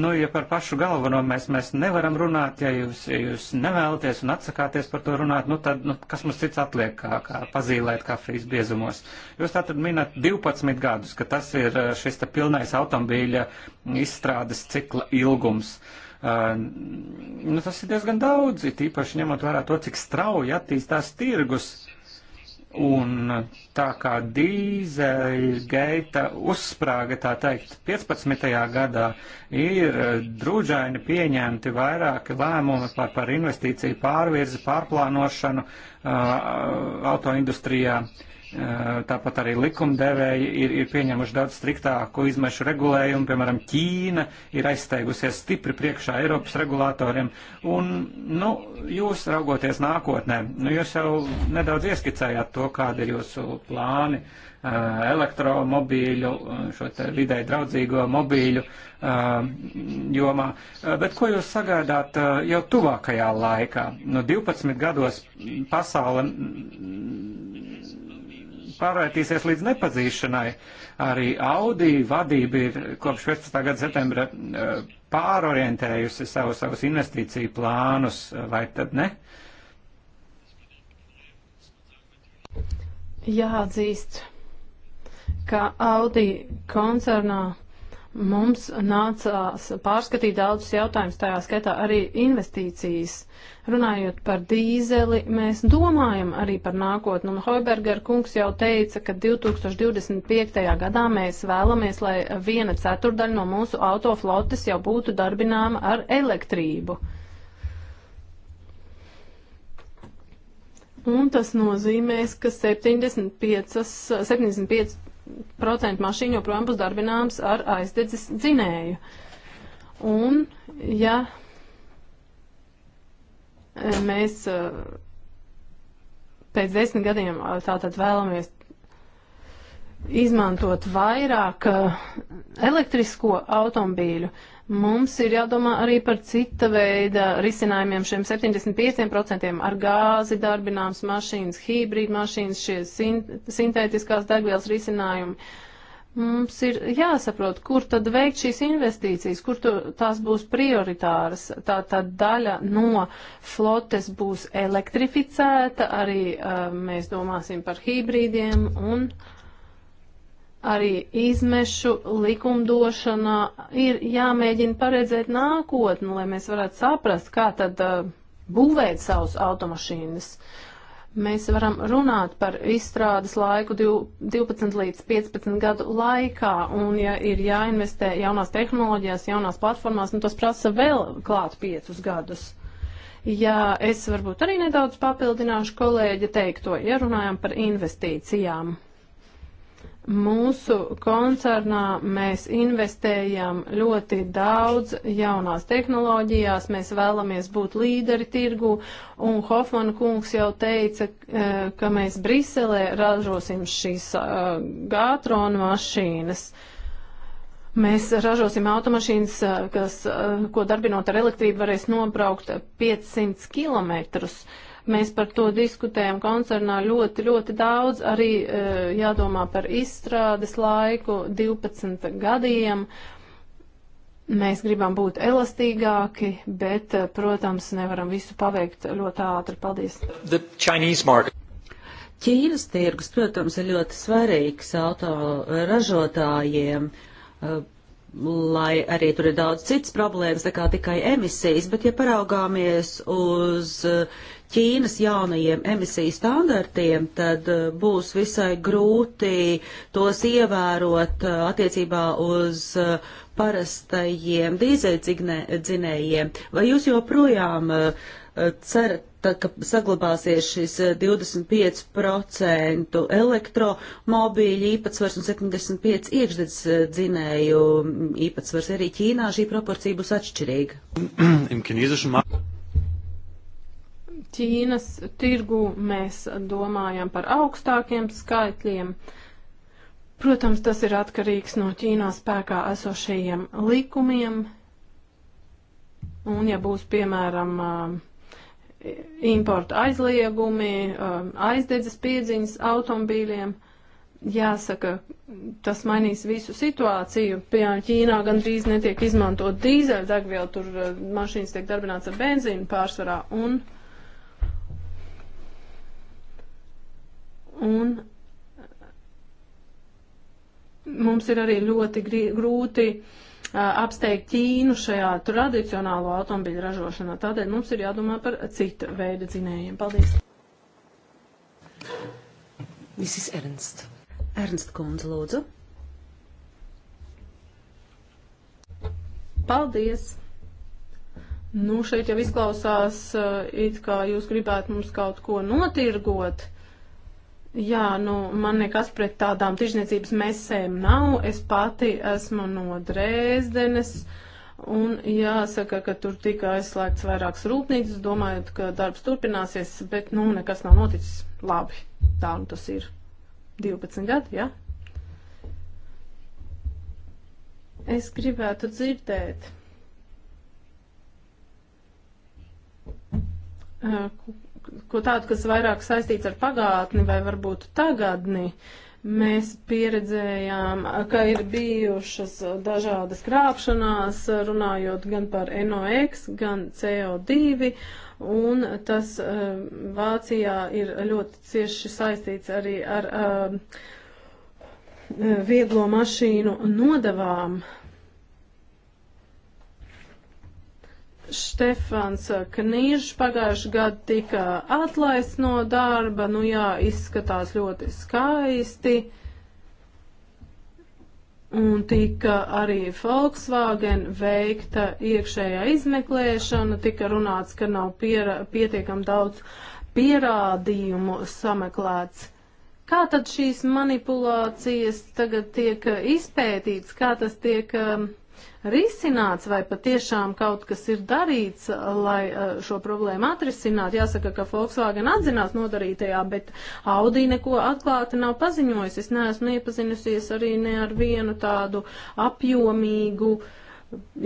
nu, ja par pašu galveno mēs, mēs nevaram runāt, ja jūs, ja jūs nevēlaties un atsakāties par to runāt, nu tad nu, kas mums cits atliek, kā, kā pazīlēt kafijas biezumos. Jūs tātad minat 12 gadus, ka tas ir uh, šis te pilnais automobīļa izstrādes cikla ilgums. Uh, Uh, nu, tas ir diezgan daudz, tīpaši ņemot vērā to, cik strauji attīstās tirgus. Un tā kā dīzeļgaita uzsprāga, tā teikt, 15. gadā ir drūžaini pieņemti vairāki lēmumi par, par investīciju pārvirzi, pārplānošanu uh, autoindustrijā. Uh, Tāpat arī likumdevēji ir, ir pieņemuši daudz striktāku izmešu regulējumu, piemēram, Ķīna ir aizsteigusies stipri priekšā Eiropas regulātoriem. Un, nu, jūs raugoties nākotnē, nu, jūs jau nedaudz ieskicējāt to, kāda ir jūsu plāni elektromobīļu, šo te vidē draudzīgo mobīļu jomā. Bet ko jūs sagaidāt jau tuvākajā laikā? No nu, 12 gados pasaule pārvērtīsies līdz nepazīšanai. Arī Audi vadība ir kopš 15. gada septembra eh, pārorientējusi savu, savus investīciju plānus, eh, vai tad ne? Jāatzīst, ka Audi koncernā Mums nācās pārskatīt daudzus jautājumus, tajā skaitā arī investīcijas. Runājot par dīzeli, mēs domājam arī par nākotni, un Hoiberger kungs jau teica, ka 2025. gadā mēs vēlamies, lai viena ceturdaļa no mūsu autoflotes jau būtu darbināma ar elektrību. Un tas nozīmēs, ka 75, 75 50% mašīnu joprojām būs darbināms ar aizdedzes dzinēju. Un, ja e, mēs e, pēc desmit gadiem e, tātad vēlamies izmantot vairāk elektrisko automobīļu, Mums ir jādomā arī par cita veida risinājumiem šiem 75% ar gāzi darbināms mašīnas, hībrīd mašīnas, šie sint sintētiskās degvielas risinājumi. Mums ir jāsaprot, kur tad veikt šīs investīcijas, kur to, tās būs prioritāras. Tā tad daļa no flotes būs elektrificēta, arī uh, mēs domāsim par hībrīdiem un. Uh, arī izmešu likumdošanā ir jāmēģina paredzēt nākotni, lai mēs varētu saprast, kā tad uh, būvēt savus automašīnas. Mēs varam runāt par izstrādes laiku 12 līdz 15 gadu laikā, un ja ir jāinvestē jaunās tehnoloģijās, jaunās platformās, nu tas prasa vēl klāt 5 gadus. Ja es varbūt arī nedaudz papildināšu kolēģi teikto, ja runājam par investīcijām. Mūsu koncernā mēs investējam ļoti daudz jaunās tehnoloģijās, mēs vēlamies būt līderi tirgu, un Hofmana kungs jau teica, eh, ka mēs Briselē ražosim šīs eh, gātronu mašīnas. Mēs ražosim automašīnas, eh, kas, ko darbinot ar elektrību, varēs nobraukt 500 kilometrus. Uh, Mēs par to diskutējam koncernā ļoti, ļoti daudz. Arī e, jādomā par izstrādes laiku 12 gadiem. Mēs gribam būt elastīgāki, bet, e, protams, nevaram visu paveikt ļoti ātri. Paldies! Ķīnas tirgus, protams, ir ļoti svarīgs auto ražotājiem. Uh, e, lai arī tur ir daudz citas problēmas nekā tikai emisijas, bet ja paraugāmies uz eh, Ķīnas jaunajiem emisiju standartiem, tad eh, būs visai grūti tos ievērot eh, attiecībā uz parastajiem dīzeļdzinējiem. Vai jūs joprojām cerat tā, ka saglabāsies šis 25% eh, elektromobīļu īpatsvars un 75% iekšdedz eh, dzinēju mm, īpatsvars. Arī Ķīnā šī proporcija būs atšķirīga. Ķīnas tirgu mēs domājam par augstākiem skaitļiem. Protams, tas ir atkarīgs no Ķīnā spēkā esošajiem likumiem. Un ja būs, piemēram, uh, importa aizliegumi, um, aizdedzes piedziņas automobīļiem. Jāsaka, tas mainīs visu situāciju. Piemēram, Ķīnā gandrīz netiek izmantot dīzeļdegvielu, tur uh, mašīnas tiek darbināts ar benzīnu pārsvarā. Un, un mums ir arī ļoti grūti. Uh, apsteigt Ķīnu šajā tradicionālo automobiļu ražošanā. Tādēļ mums ir jādomā par citu veidu dzinējiem. Paldies! Mrs. Ernst. Ernst Kundze, lūdzu. Paldies! Nu, šeit jau izklausās, it kā jūs gribētu mums kaut ko notirgot. Uh, Jā, nu, man nekas pret tādām tirzniecības mesēm nav. Es pati esmu no Dresdenes. Un jāsaka, ka tur tika aizslēgts vairākas rūpnīcas, domājot, ka darbs turpināsies, bet, nu, nekas nav noticis labi. Tā nu tas ir 12 gadi, jā. Ja? Es gribētu dzirdēt. Uh, ko tādu, kas vairāk saistīts ar pagātni vai varbūt tagadni. Mēs pieredzējām, ka ir bijušas dažādas krāpšanās, runājot gan par NOx, gan CO2, un tas uh, Vācijā ir ļoti cieši saistīts arī ar uh, vieglo mašīnu nodavām. Štefans Knīžs pagājuši gadu tika atlaists no darba, nu jā, izskatās ļoti skaisti. Un tika arī Volkswagen veikta iekšējā izmeklēšana, tika runāts, ka nav piera, pietiekam daudz pierādījumu sameklēts. Kā tad šīs manipulācijas tagad tiek izpētīts, kā tas tiek um, risināts vai patiešām kaut kas ir darīts, lai eh, šo problēmu atrisinātu. Jāsaka, ka Volkswagen atzinās nodarītajā, bet Audi neko atklāti nav paziņojis. Es neesmu iepazinusies arī ne ar vienu tādu apjomīgu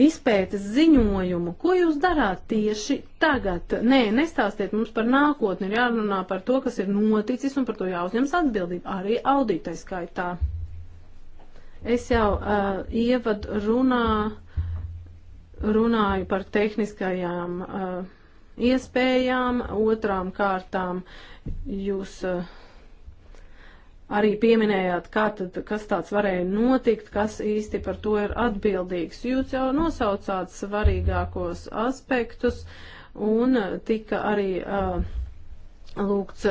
izpētes ziņojumu. Ko jūs darāt tieši tagad? Nē, nestāstiet mums par nākotni, ir jārunā par to, kas ir noticis un par to jāuzņems atbildība arī audītai skaitā. Es jau uh, eh, ievadu runā, runāju par tehniskajām uh, iespējām, otrām kārtām jūs. Uh, arī pieminējāt, kā tad, kas tāds varēja notikt, kas īsti par to ir atbildīgs. Jūs jau nosaucāt svarīgākos aspektus un tika arī uh, lūgts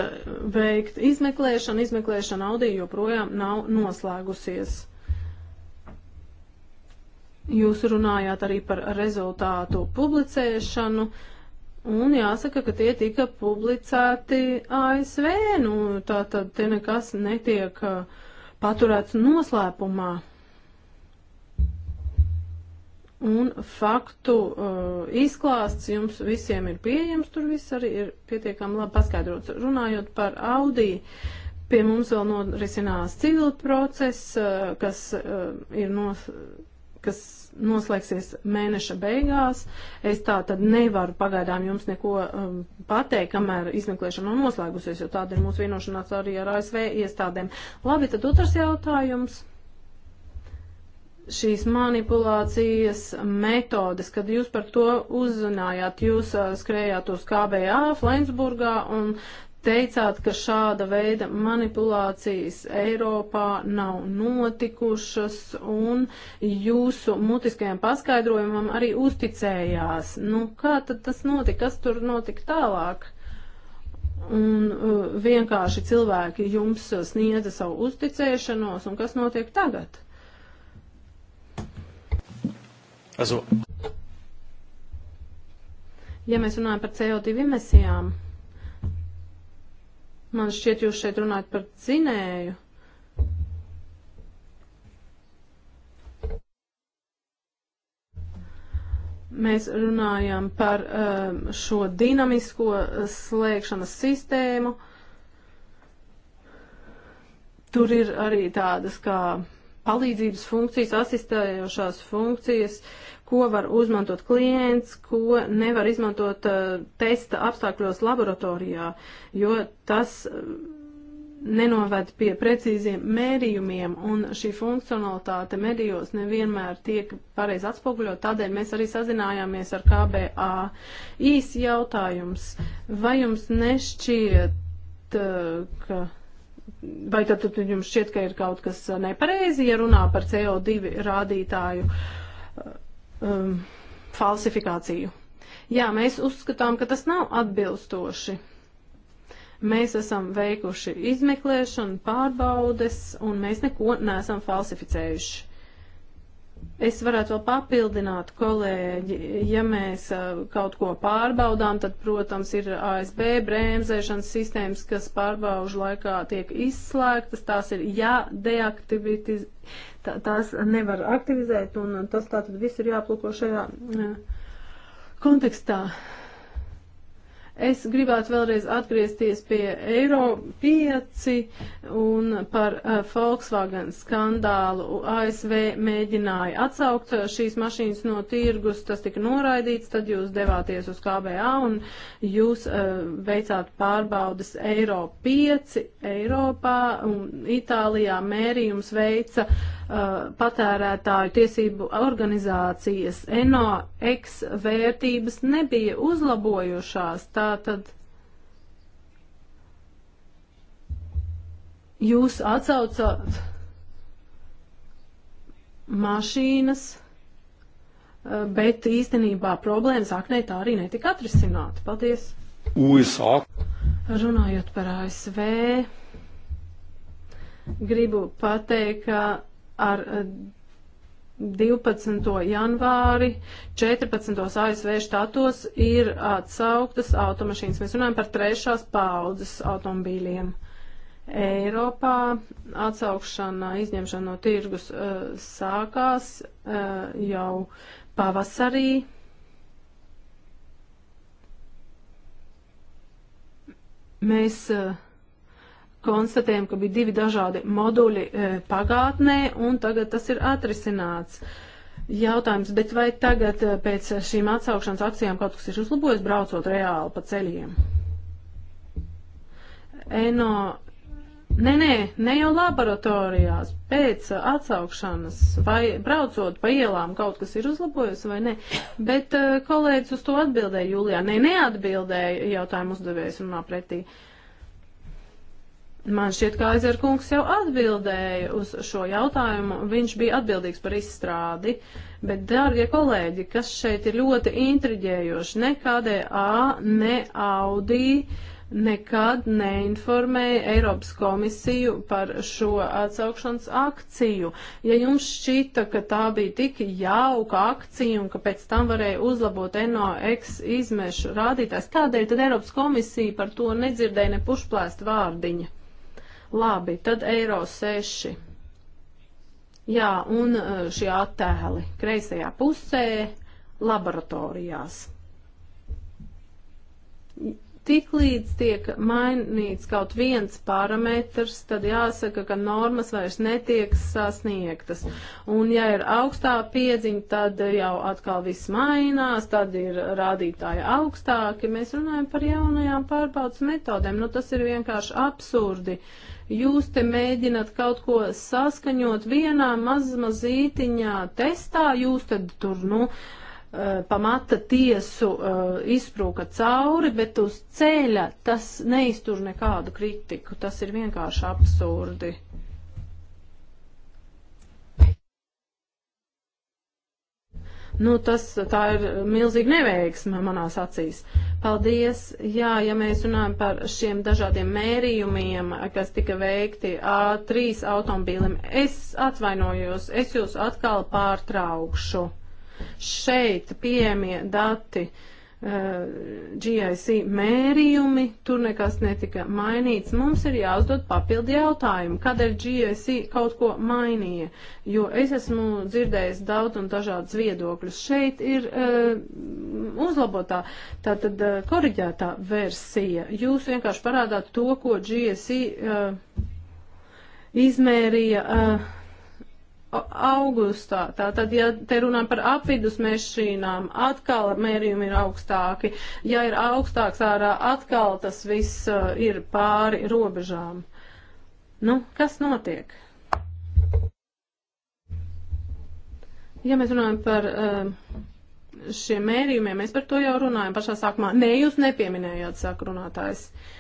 veikt izmeklēšanu. Izmeklēšana Audi joprojām nav noslēgusies. Jūs runājāt arī par rezultātu publicēšanu, un jāsaka, ka tie tika publicēti ASV, nu tā tad te nekas netiek uh, paturēts noslēpumā. Un faktu uh, izklāsts jums visiem ir pieejams, tur viss arī ir pietiekami labi paskaidrots. Runājot par Audi, uh, pie mums vēl norisinās civil process, uh, kas uh, ir nos, kas noslēgsies mēneša beigās. Es tā tad nevaru pagaidām jums neko um, pateikt, kamēr izmeklēšana nav noslēgusies, jo tāda ir mūsu vienošanās arī ar ASV iestādēm. Labi, tad otrs jautājums. Šīs manipulācijas metodes, kad jūs par to uzzinājāt, jūs uh, skrējāt uz KBA Flensburgā un teicāt, ka šāda veida manipulācijas Eiropā nav notikušas un jūsu mutiskajam paskaidrojumam arī uzticējās. Nu, kā tad tas notika? Kas tur notika tālāk? Un uh, vienkārši cilvēki jums sniedza savu uzticēšanos, un kas notiek tagad? Also. Ja mēs runājam par CO2 emisijām, Man šķiet, jūs šeit runājat par dzinēju. Mēs runājam par um, šo dinamisko uh, slēgšanas sistēmu. Tur ir arī tādas kā palīdzības funkcijas, asistējošās funkcijas. Uh, ko var izmantot klients, ko nevar izmantot uh, testa apstākļos laboratorijā, jo tas uh, nenoved pie precīziem mērījumiem, un šī funkcionalitāte medijos nevienmēr tiek pareizi atspoguļot, tādēļ mēs arī sazinājāmies ar KBA. Īs jautājums, vai jums nešķiet, uh, ka. Vai tad jums šķiet, ka ir kaut kas nepareizi, ja runā par CO2 rādītāju? Uh, um, falsifikāciju. Jā, mēs uzskatām, ka tas nav atbilstoši. Mēs esam veikuši izmeklēšanu, pārbaudes, un mēs neko neesam falsificējuši. Es varētu vēl papildināt, kolēģi, ja mēs kaut ko pārbaudām, tad, protams, ir ASV bremzēšanas sistēmas, kas pārbaužu laikā tiek izslēgtas, tās ir jādeaktiviz, tā, tās nevar aktivizēt, un tas tā tad viss ir jāplūko šajā kontekstā. Uh, Es gribētu vēlreiz atgriezties pie Eiro 5 un par eh, Volkswagen skandālu. ASV mēģināja atsaukt eh, šīs mašīnas no tirgus, tas tika noraidīts, tad jūs devāties uz KBA un jūs eh, veicāt pārbaudas Eiro 5 Eiropā un Itālijā mērījums veica. Uh, Uh, patērētāju tiesību organizācijas NOX vērtības nebija uzlabojušās. Tātad jūs atsaucat mašīnas, uh, bet īstenībā problēmas aknē tā arī netika atrisināta. Paldies! USA. Runājot par ASV, gribu pateikt, ka ar 12. Eh, janvāri 14. ASV štatos ir atsauktas automašīnas. Mēs runājam par trešās paudzes automobīļiem. Eiropā atsaukšana, izņemšana no tirgus eh, sākās eh, jau pavasarī. Mēs uh, konstatējam, ka bija divi dažādi moduļi e, pagātnē, un tagad tas ir atrisināts. Jautājums, bet vai tagad e, pēc šīm atsaukšanas akcijām kaut kas ir uzlabojis, braucot reāli pa ceļiem? Eno, nē, nē, ne jau laboratorijās, pēc atsaukšanas, vai braucot pa ielām kaut kas ir uzlabojis vai nē, bet e, kolēģis uz to atbildēja, Julijā, nē, neatbildēja jautājumu uzdevējs runā pretī. Uh, Man šķiet, ka Aizerkungs jau atbildēja uz šo jautājumu. Viņš bija atbildīgs par izstrādi. Bet, dārgie kolēģi, kas šeit ir ļoti intriģējoši, ne KDA, ne Audi nekad neinformēja Eiropas komisiju par šo atsaukšanas akciju. Ja jums šķita, ka tā bija tik jauka akcija un ka pēc tam varēja uzlabot NOx izmešu rādītājs, kādēļ tad Eiropas komisija par to nedzirdēja ne pušplēst vārdiņa? Labi, tad eiro 6. Jā, un e, šie attēli kreisajā pusē laboratorijās. Tik līdz tiek mainīts kaut viens parametrs, tad jāsaka, ka normas vairs netiek sasniegtas. Un ja ir augstā piedziņa, tad jau atkal viss mainās, tad ir rādītāji augstāki. Mēs runājam par jaunajām pārbaudas metodēm. Nu, tas ir vienkārši absurdi jūs te mēģināt kaut ko saskaņot vienā maz mazītiņā testā, jūs tad tur, nu, Eh, pamata tiesu eh, izsprūka cauri, bet uz ceļa tas neiztur nekādu kritiku. Tas ir vienkārši absurdi. nu, tas ir milzīga neveiksme manās acīs. Paldies! Jā, ja mēs runājam par šiem dažādiem mērījumiem, kas tika veikti A3 automobīlim, es atvainojos, es jūs atkal pārtraukšu. Šeit pieejamie dati uh, eh, GIC mērījumi, tur nekas netika mainīts. Mums ir jāuzdod papildi jautājumu, kādēļ GIC kaut ko mainīja, jo es esmu dzirdējis daudz un dažādas viedokļus. Šeit ir uh, uzlabotā, tātad uh, koriģētā versija. Jūs vienkārši parādāt to, ko GIC uh, izmērīja. Uh, augustā. Tātad, ja te runājam par apvidus mašīnām, atkal mērījumi ir augstāki. Ja ir augstāks ārā, atkal tas viss uh, ir pāri robežām. Nu, kas notiek? Ja mēs runājam par uh, šiem mērījumiem, mēs par to jau runājam pašā sākumā. Nē, jūs nepieminējāt, saka runātājs. Uh,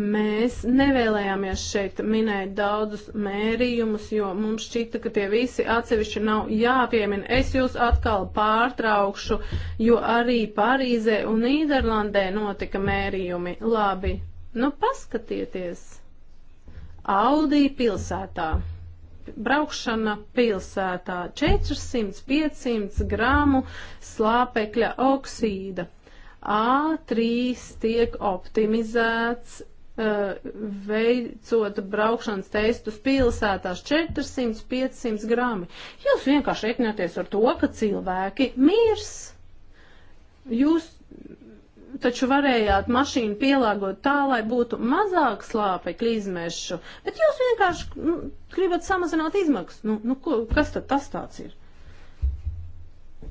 Mēs nevēlējāmies šeit minēt daudzus mērījumus, jo mums šķita, ka tie visi atsevišķi nav jāpiemina. Es jūs atkal pārtraukšu, jo arī Parīzē un Nīderlandē notika mērījumi. Labi, nu paskatieties. Audī pilsētā. Braukšana pilsētā 400-500 gramu slāpekļa oksīda. A3 tiek optimizēts Eh, veicot braukšanas testus pilsētās 400-500 grami. Jūs vienkārši rēķināties ar to, ka cilvēki mirs. Jūs taču varējāt mašīnu pielāgot tā, lai būtu mazāk slāpekļu izmešu, bet jūs vienkārši nu, gribat samazināt izmaksas. Nu, nu, ko, kas tad tas tāds ir?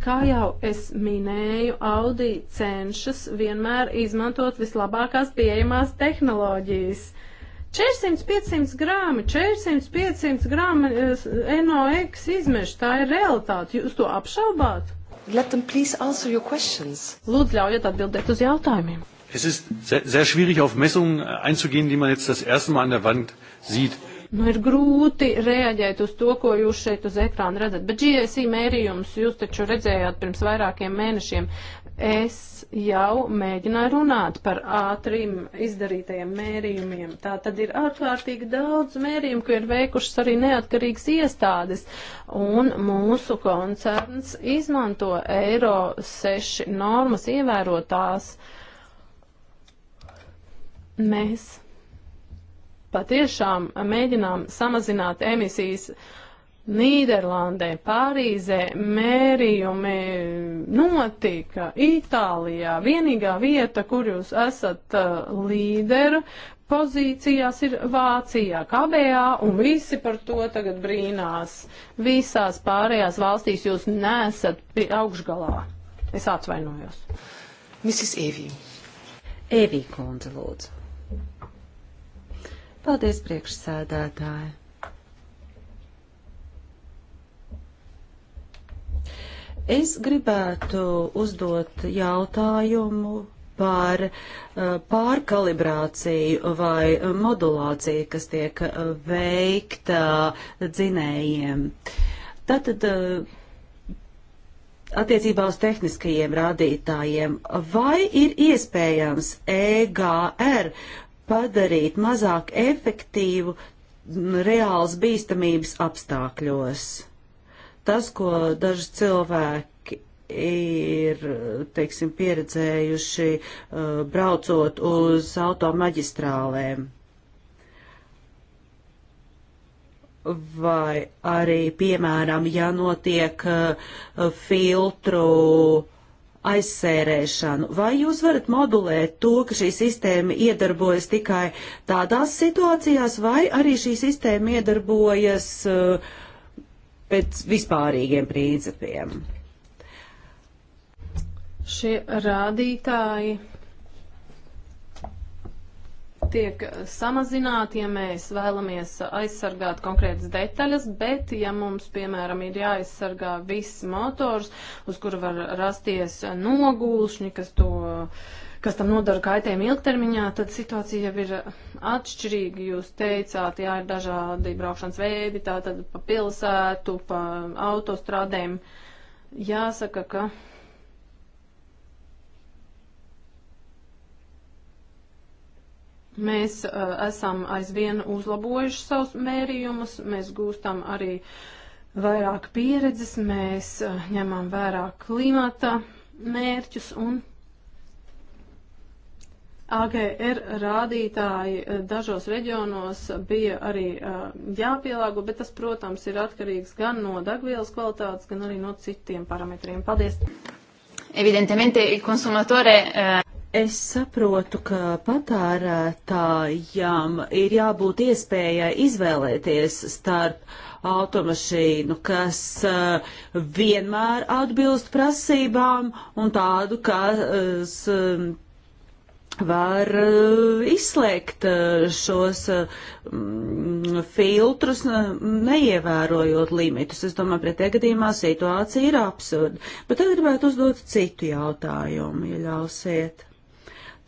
Kā jau es minēju, Audi cenšas vienmēr izmantot vislabākās pieejamās tehnoloģijas. 400-500 grāmi, 400-500 grāmi eh, NOx izmeša, tā ir realitāte. Jūs to apšaubāt? Let them please answer your questions. Lūdzu, ļaujiet atbildēt uz jautājumiem. Es ist sehr, sehr schwierig, auf Messungen einzugehen, die man jetzt das erste Mal an der Wand sieht. Nu, ir grūti reaģēt uz to, ko jūs šeit uz ekrāna redzat, bet GSI mērījums jūs taču redzējāt pirms vairākiem mēnešiem. Es jau mēģināju runāt par ātrim izdarītajiem mērījumiem. Tā tad ir ārkārtīgi daudz mērījumu, ko ir veikušas arī neatkarīgas iestādes, un mūsu koncerns izmanto Eiro 6 normas ievērotās. Mēs patiešām mēģinām samazināt emisijas. Nīderlandē, Pārīzē mērījumi notika, Itālijā vienīgā vieta, kur jūs esat uh, līderu pozīcijās, ir Vācijā, KBA, un visi par to tagad brīnās. Visās pārējās valstīs jūs nesat augšgalā. Es atvainojos. Mrs. Evī. Evī, kundze, lūdzu. Paldies, priekšsēdētāji! Es gribētu uzdot jautājumu par uh, pārkalibrāciju vai modulāciju, kas tiek uh, veikta dzinējiem. Tātad uh, attiecībā uz tehniskajiem rādītājiem, vai ir iespējams EGR padarīt mazāk efektīvu reāls bīstamības apstākļos. Tas, ko daži cilvēki ir, teiksim, pieredzējuši uh, braucot uz automaģistrālēm. Vai arī, piemēram, ja notiek uh, filtru uh, aizsērēšanu, vai jūs varat modulēt to, ka šī sistēma iedarbojas tikai tādās situācijās, vai arī šī sistēma iedarbojas uh, pēc vispārīgiem principiem? Šie rādītāji tiek samazināti, ja mēs vēlamies aizsargāt konkrētas detaļas, bet ja mums, piemēram, ir jāaizsargā viss motors, uz kura var rasties nogulšņi, kas to kas tam nodara kaitējumu ilgtermiņā, tad situācija jau ir atšķirīga. Jūs teicāt, jā, ir dažādi braukšanas veidi, tā tad pa pilsētu, pa autostrādēm. Jāsaka, ka Mēs uh, esam aizvien uzlabojuši savus mērījumus, mēs gūstam arī vairāk pieredzes, mēs uh, ņemam vērā klimata mērķus un AGR rādītāji uh, dažos reģionos bija arī uh, jāpielāgo, bet tas, protams, ir atkarīgs gan no degvielas kvalitātes, gan arī no citiem parametriem. Paldies! Evidentemente, il consumatore. Uh... Es saprotu, ka patērētājām ir jābūt iespējai izvēlēties starp automašīnu, kas uh, vienmēr atbilst prasībām un tādu, kas uh, var uh, izslēgt šos mm, filtrus, neievērojot limitus. Es domāju, pretējā gadījumā situācija ir absurda. Bet tagad gribētu uzdot citu jautājumu, ja ļausiet.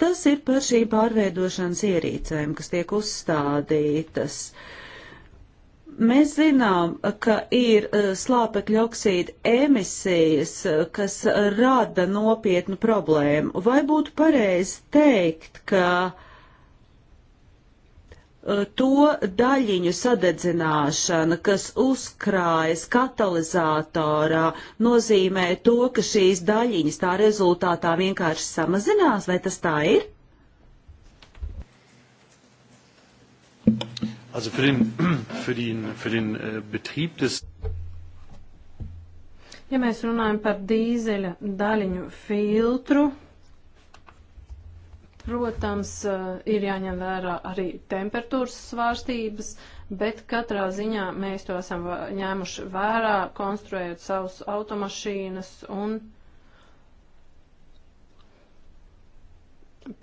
Tas ir par šīm pārveidošanas ierīcēm, kas tiek uzstādītas. Mēs zinām, ka ir eh, slāpekļa oksīda emisijas, eh, kas eh, rada nopietnu problēmu. Vai būtu pareizi teikt, ka uh, Uh, to daļiņu sadedzināšana, kas uzkrājas katalizatorā, nozīmē to, ka šīs daļiņas tā rezultātā vienkārši samazinās, vai tas tā ir? Also für den, [clears throat] für den, für den äh, Betrieb des Ja mēs runājam par dīzeļa daļiņu filtru, Protams, eh, ir jāņem vērā arī temperatūras svārstības, bet katrā ziņā mēs to esam ņēmuši vērā, konstruējot savus automašīnas un,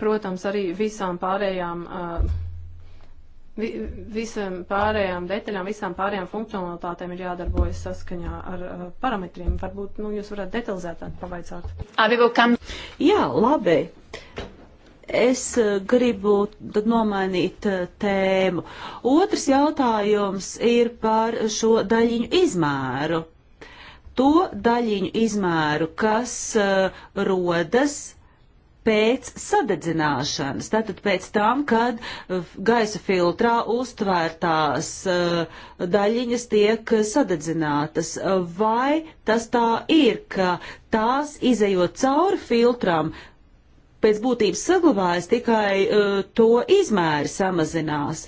protams, arī visām pārējām. Eh, vi, visām pārējām detaļām, visām pārējām funkcionalitātēm ir jādarbojas saskaņā ar uh, parametriem. Varbūt nu, jūs varētu detalizētāk pavaicāt. Jā, labi es eh, gribu tad nomainīt eh, tēmu. Otrs jautājums ir par šo daļiņu izmēru. To daļiņu izmēru, kas uh, rodas pēc sadedzināšanas, tātad pēc tam, kad gaisa filtrā uztvērtās daļiņas tiek sadedzinātas. Vai tas tā ir, ka tās izējot cauri filtram pēc būtības saglabājas, tikai uh, to izmēri samazinās.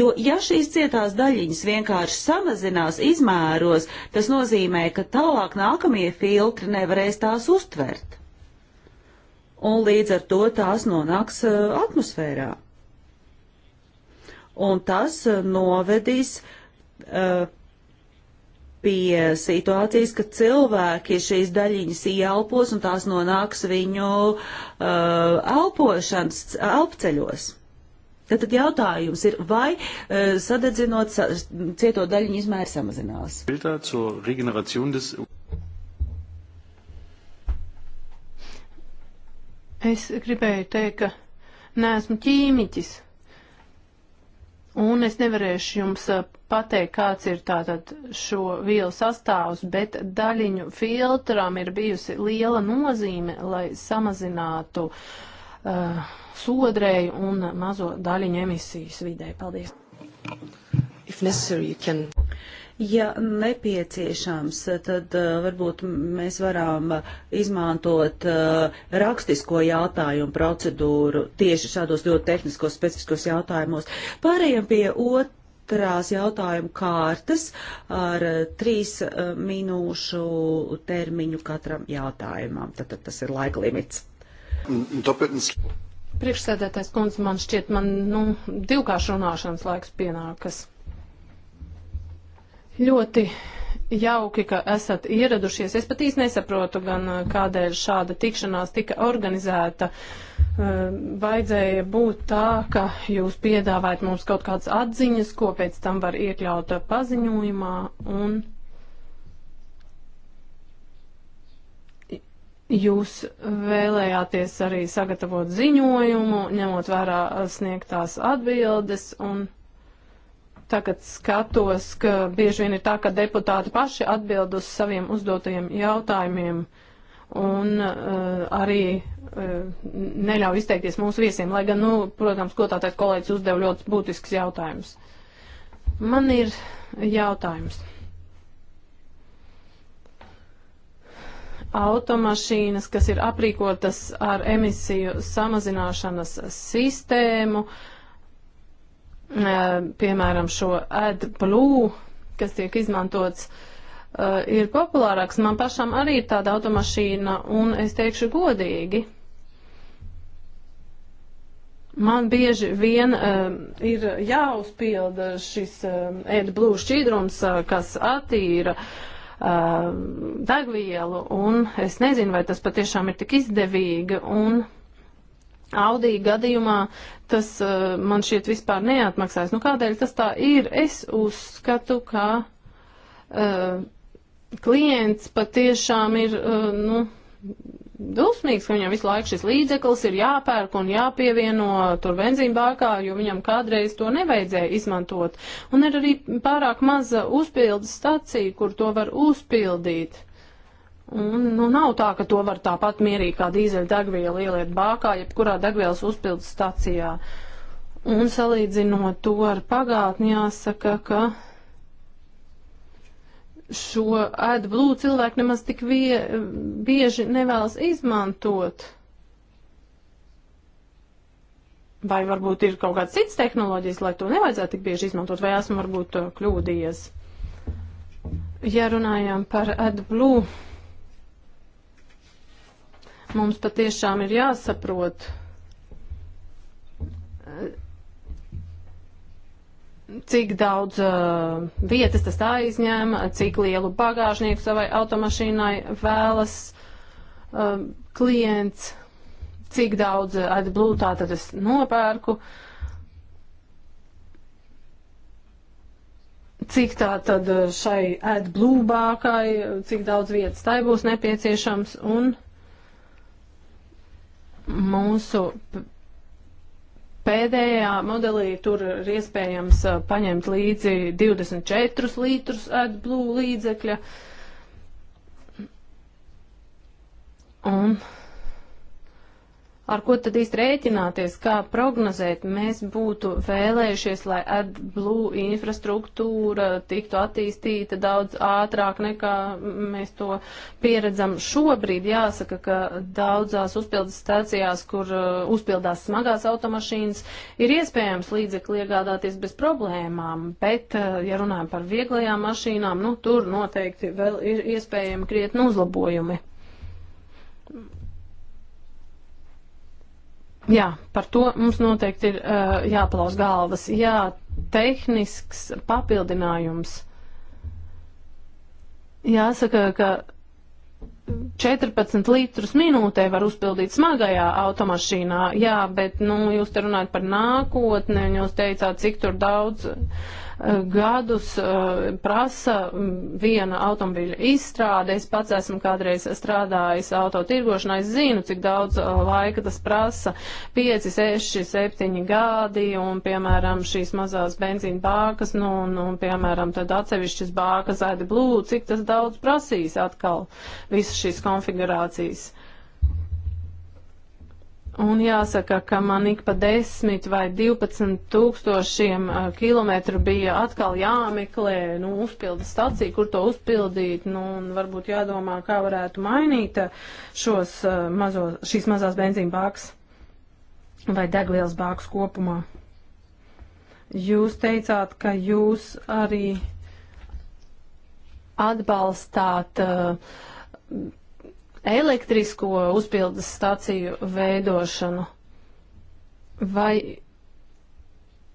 Jo ja šīs cietās daļiņas vienkārši samazinās izmēros, tas nozīmē, ka tālāk nākamie filtri nevarēs tās uztvert. Un līdz ar to tās nonāks uh, atmosfērā. Un tas uh, novedīs uh, pie situācijas, ka cilvēki šīs daļiņas ielpos un tās nonāks viņu uh, elpošanas, elpceļos. Tad, tad jautājums ir, vai uh, sadedzinot sa, cieto daļiņu izmēri samazinās? Es gribēju teikt, ka neesmu ķīmiķis, un es nevarēšu jums uh, pateikt, kāds ir tātad šo vielu sastāvs, bet daļiņu filtram ir bijusi liela nozīme, lai samazinātu uh, sodrēju un mazo daļiņu emisijas vidē. Paldies! Can... Ja nepieciešams, tad uh, varbūt mēs varam uh, izmantot uh, rakstisko jautājumu procedūru tieši šādos ļoti tehniskos, specifiskos jautājumos. Pārējiem pie ot otrās jautājuma kārtas ar eh, trīs eh, minūšu termiņu katram jautājumam. Tad, tad tas ir laika limits. Tāpēc. Priekšsēdētājs kundze, man šķiet, man nu, divkārši runāšanas laiks pienākas. Ļoti Jauki, ka esat ieradušies. Es pat īsti nesaprotu, gan uh, kādēļ šāda tikšanās tika organizēta. Uh, vajadzēja būt tā, ka jūs piedāvājat mums kaut kādas atziņas, ko pēc tam var iekļaut uh, paziņojumā. Un jūs vēlējāties arī sagatavot ziņojumu, ņemot vērā sniegtās atbildes un tagad skatos, ka bieži vien ir tā, ka deputāti paši atbild uz saviem uzdotajiem jautājumiem un uh, arī uh, neļauj izteikties mūsu viesiem, lai gan, nu, protams, ko tā teikt, kolēģis uzdev ļoti būtisks jautājums. Man ir jautājums. Automašīnas, kas ir aprīkotas ar emisiju samazināšanas sistēmu, uh, piemēram, šo AdBlue, kas tiek izmantots, ir populārāks. Man pašam arī ir tāda automašīna, un es teikšu godīgi. Man bieži vien um, ir jāuzpilda šis um, AdBlue šķīdrums, uh, kas attīra uh, degvielu, un es nezinu, vai tas patiešām ir tik izdevīgi. Un, uh, Audī gadījumā tas uh, man šķiet vispār neatmaksājas. Nu, kādēļ tas tā ir? Es uzskatu, ka uh, klients patiešām ir, uh, nu, dusmīgs, ka viņam visu laiku šis līdzeklis ir jāpērk un jāpievieno tur benzīnbākā, jo viņam kādreiz to nevajadzēja izmantot. Un ir arī pārāk maza uzpildes stacija, kur to var uzpildīt. Un, nu, nav tā, ka to var tāpat mierīgi kā dīzeļdegvielu ieliet bākā, jebkurā degvielas uzpildes stacijā. Un salīdzinot to ar pagātni, jāsaka, ka šo ēdblūdu cilvēku nemaz tik vie, bieži nevēlas izmantot. Vai varbūt ir kaut kāds cits tehnoloģijas, lai to nevajadzētu tik bieži izmantot, vai esmu varbūt eh, kļūdījies. Ja runājām par AdBlue Mums patiešām ir jāsaprot, cik daudz uh, vietas tas aizņem, cik lielu bagāžnieku savai automašīnai vēlas uh, klients, cik daudz atblūtā tad es nopērku. Uh, cik tā tad uh, šai ēdblūbākai, cik daudz vietas tai būs nepieciešams un mūsu pēdējā modelī tur ir iespējams uh, paņemt līdzi 24 litrus AdBlue līdzekļa. Un ar ko tad īsti rēķināties, kā prognozēt, mēs būtu vēlējušies, lai AdBlue infrastruktūra tiktu attīstīta daudz ātrāk nekā mēs to pieredzam šobrīd. Jāsaka, ka daudzās uzpildes stācijās, kur uh, uzpildās smagās automašīnas, ir iespējams līdzekli iegādāties bez problēmām, bet, uh, ja runājam par vieglajām mašīnām, nu, tur noteikti vēl ir iespējami krietni uzlabojumi. Jā, par to mums noteikti ir uh, jāplaus galvas. Jā, tehnisks papildinājums. Jāsaka, ka 14 litrus minūtē var uzpildīt smagajā automašīnā. Jā, bet nu, jūs te runājat par nākotni, un jūs teicāt, cik tur daudz eh, gadus eh, prasa mm, viena automobīļa izstrāde. Es pats esmu kādreiz strādājis auto tirgošanā, es zinu, cik daudz eh, laika tas prasa - 5, 6, 7 gadi, un, piemēram, šīs mazās benzīna bākas, nu, un, nu, un, piemēram, tad atsevišķas bākas, ēdi blūzi, cik tas daudz prasīs atkal visas šīs konstrukcijas konfigurācijas. Un jāsaka, ka man ik pa 10 vai 12 tūkstošiem kilometru bija atkal jāmeklē, nu, uzpilda stacija, kur to uzpildīt, nu, un varbūt jādomā, kā varētu mainīt šos mazo, šīs mazās benzīna bāks vai degvielas bāks kopumā. Jūs teicāt, ka jūs arī atbalstāt uh, elektrisko uzpildes staciju veidošanu? Vai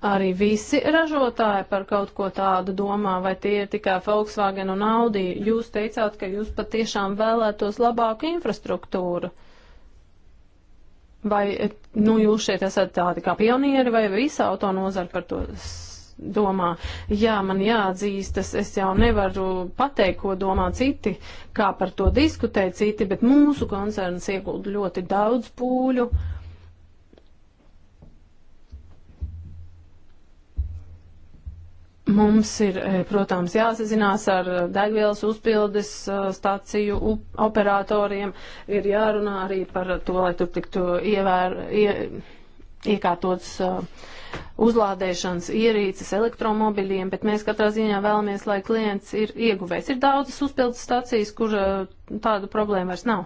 arī visi ražotāji par kaut ko tādu domā, vai tie ir tikai Volkswagen un Audi? Jūs teicāt, ka jūs patiešām vēlētos labāku infrastruktūru. Vai nu, jūs šeit esat tādi kā pionieri, vai visa autonozara par to domā. Jā, man jāatzīstas, es jau nevaru pateikt, ko domā citi, kā par to diskutē citi, bet mūsu koncerns iegulda ļoti daudz pūļu. Mums ir, eh, protams, jāsazinās ar eh, degvielas uzpildes eh, stāciju operatoriem, ir jārunā arī par to, lai tur tiktu ievēr, ie, iekārtots uh, uzlādēšanas ierīces elektromobiļiem, bet mēs katrā ziņā vēlamies, lai klients ir ieguvējis. Ir daudzas uzpildes stācijas, kur eh, tādu problēmu vairs nav.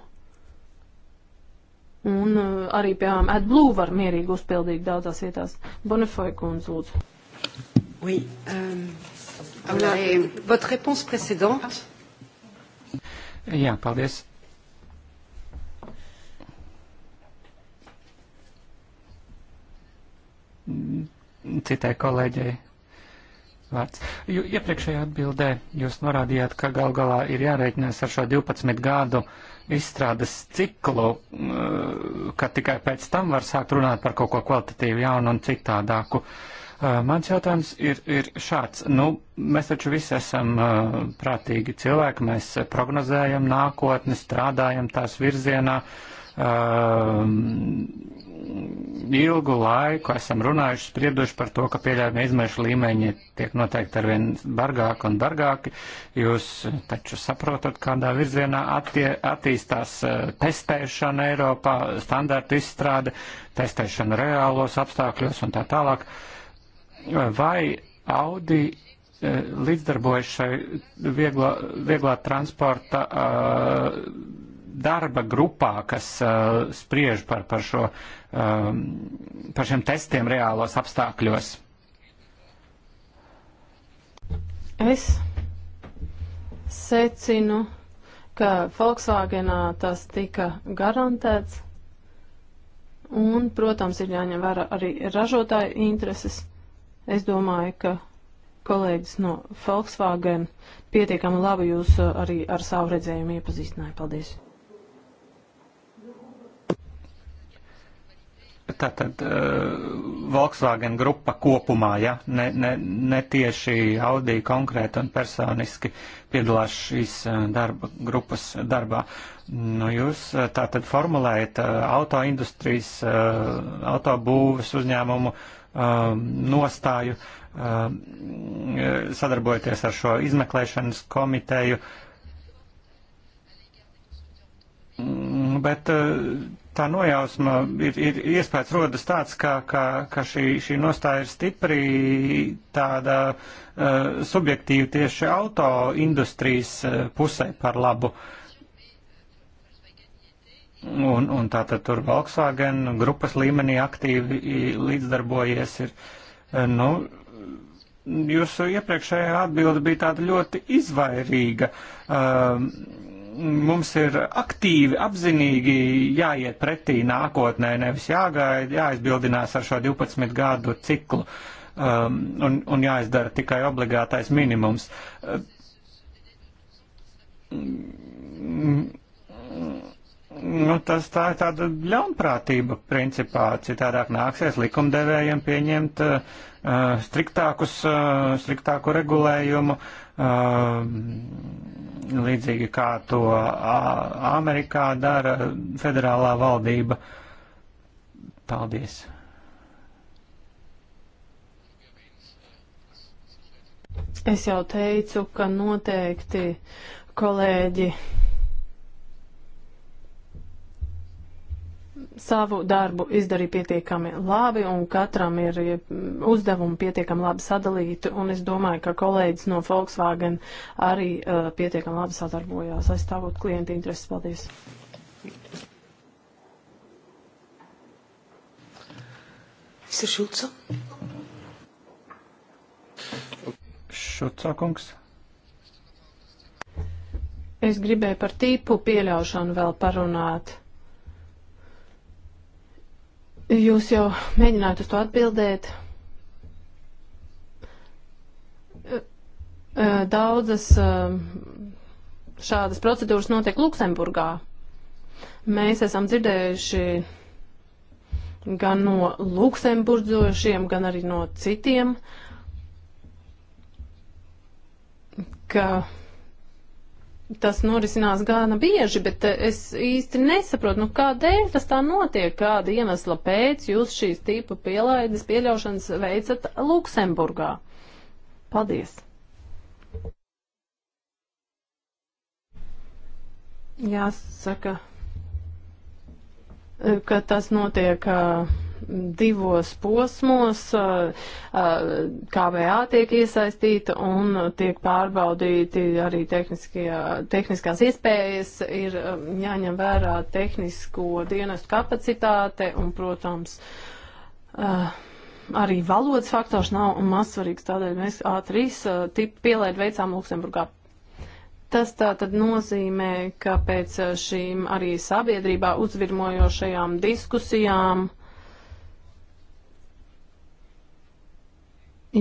Un eh, arī, piemēram, AdBlue var mierīgi uzpildīt daudzās vietās. Bonifoja kundze, lūdzu. Oui, um, euh, alors, votre réponse précédente. Jā, paldies. citai kolēģei vārds. Jū, iepriekšējā atbildē jūs norādījāt, ka gal galā ir jārēķinās ar šo 12 gadu izstrādes ciklu, uh, ka tikai pēc tam var sākt runāt par kaut ko kvalitatīvu jaunu un citādāku. Uh, mans jautājums ir, ir šāds. Nu, mēs taču visi esam uh, prātīgi cilvēki, mēs prognozējam nākotni, strādājam tās virzienā. Um, ilgu laiku esam runājuši, sprieduši par to, ka pieļaujami izmešu līmeņi tiek noteikti arvien bargāki un bargāki. Jūs taču saprotat, kādā virzienā attie, attīstās eh, testēšana Eiropā, standārtu izstrāde, testēšana reālos apstākļos un tā tālāk. Vai Audi eh, līdzdarbojas šai vieglā, vieglā transporta uh, darba grupā, kas uh, spriež par, par, šo, um, par šiem testiem reālos apstākļos? Es secinu, ka Volkswagenā tas tika garantēts, un, protams, ir jāņem vērā arī ražotāju intereses. Es domāju, ka kolēģis no Volkswagen pietiekami labi jūs uh, arī ar savu redzējumu iepazīstināja. Paldies! Tātad uh, Volkswagen grupa kopumā, ja ne, ne, ne tieši Audi konkrēti un personiski piedalās šīs eh, darba grupas darbā. Nu, jūs eh, tātad formulējat uh, autoindustrijas, uh, autobūves uzņēmumu uh, nostāju, uh, sadarbojoties ar šo izmeklēšanas komiteju. Mm, bet uh, tā nojausma ir, ir iespējas rodas tāds, ka, ka, ka šī, šī nostāja ir stipri tāda uh, subjektīva tieši auto industrijas uh, pusē par labu. Un, un tā tad tur Volkswagen grupas līmenī aktīvi līdzdarbojies ir, uh, nu, jūsu iepriekšējā atbilde bija tāda ļoti izvairīga. Uh, mums ir aktīvi, apzinīgi jāiet pretī nākotnē, nevis jāgaida, jāizbildinās ar šo 12 gadu ciklu um, un, un jāizdara tikai obligātais minimums. Um, Nu, tas tā ir tāda ļaunprātība principā. Citādāk nāksies likumdevējiem pieņemt uh, Eh, striktākus, eh, striktāku regulējumu, eh, līdzīgi kā to Amerikā dara federālā valdība. Paldies! Es jau teicu, ka noteikti kolēģi savu darbu izdarīja pietiekami labi un katram ir uzdevumi pietiekami labi sadalīti. Un es domāju, ka kolēģis no Volkswagen arī uh, pietiekami labi sadarbojās aizstāvot klientu intereses. Paldies! Mr. Schulze. Šuca kungs. Es gribēju par tīpu pieļaušanu vēl parunāt. Jūs jau mēģinājāt uz to atbildēt. Daudzas šādas procedūras notiek Luksemburgā. Mēs esam dzirdējuši gan no luksemburgošiem, gan arī no citiem, ka tas norisinās gana bieži, bet eh, es īsti nesaprotu, nu kādēļ tas tā notiek, kāda iemesla pēc jūs šīs tipu pielaides pieļaušanas veicat Luksemburgā. Paldies! Jāsaka, eh, ka tas notiek. Uh, divos posmos, KVA tiek iesaistīta un tiek pārbaudīti arī tehniskās iespējas, ir jāņem vērā tehnisko dienestu kapacitāte un, protams, arī valodas faktors nav mazsvarīgs, tādēļ mēs A3 tipu pielaidu veicām Luksemburgā. Tas tā tad nozīmē, ka pēc šīm arī sabiedrībā uzvirmojošajām diskusijām uh,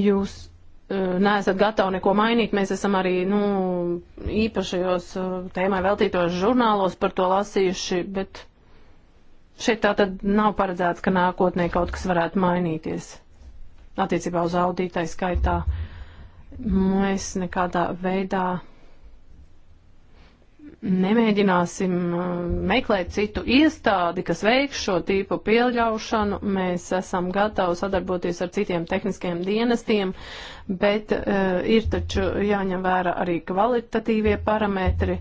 jūs e, neesat gatavi neko mainīt. Mēs esam arī nu, īpašajos e, tēmai veltītos žurnālos par to lasījuši, bet šeit tā tad nav paredzēts, ka nākotnē kaut kas varētu mainīties attiecībā uz audītāju skaitā. Mēs nekādā veidā nemēģināsim uh, meklēt citu iestādi, kas veiks šo tīpu pieļaušanu. Mēs esam gatavi sadarboties ar citiem tehniskiem dienestiem, bet uh, ir taču jāņem vērā arī kvalitatīvie parametri.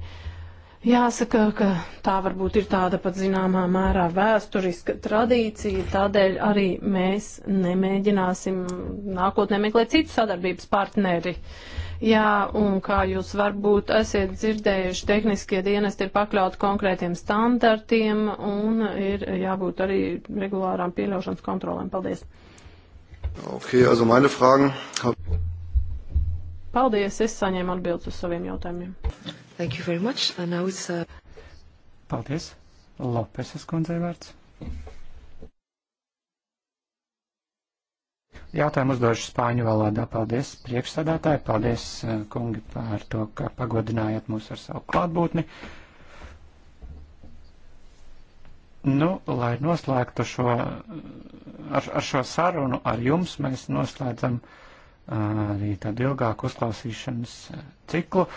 Jāsaka, ka tā varbūt ir tāda pat zināmā mērā vēsturiska tradīcija, tādēļ arī mēs nemēģināsim nākotnē meklēt citu sadarbības partneri. Uh, Jā, un kā jūs varbūt esat dzirdējuši, tehniskie dienesti ir pakļauti konkrētiem standartiem un ir jābūt arī regulārām pieļaušanas kontrolēm. Paldies. Okay, also meine Fragen. Paldies, es saņēmu atbildes uz saviem jautājumiem. Thank you very much. And now it's, uh... Paldies. Lopeses kundzei vārds. Jautājumu uzdošu spāņu valodā. Paldies, priekšsādātāji, paldies, eh, kungi, par to, ka pagodinājāt mūs ar savu klātbūtni. Nu, lai noslēgtu šo, ar, ar šo sarunu ar jums, mēs noslēdzam eh, arī tādu ilgāku uzklausīšanas eh, ciklu,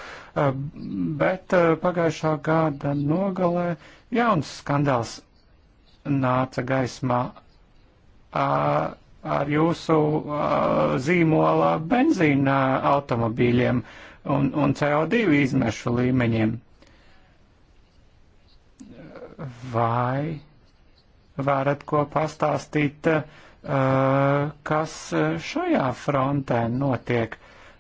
bet pagājušā gada nogalē jauns skandāls nāca gaismā ar jūsu uh, zīmola benzīna automobīļiem un, un CO2 izmešu līmeņiem? Vai varat ko pastāstīt, uh, kas šajā frontē notiek?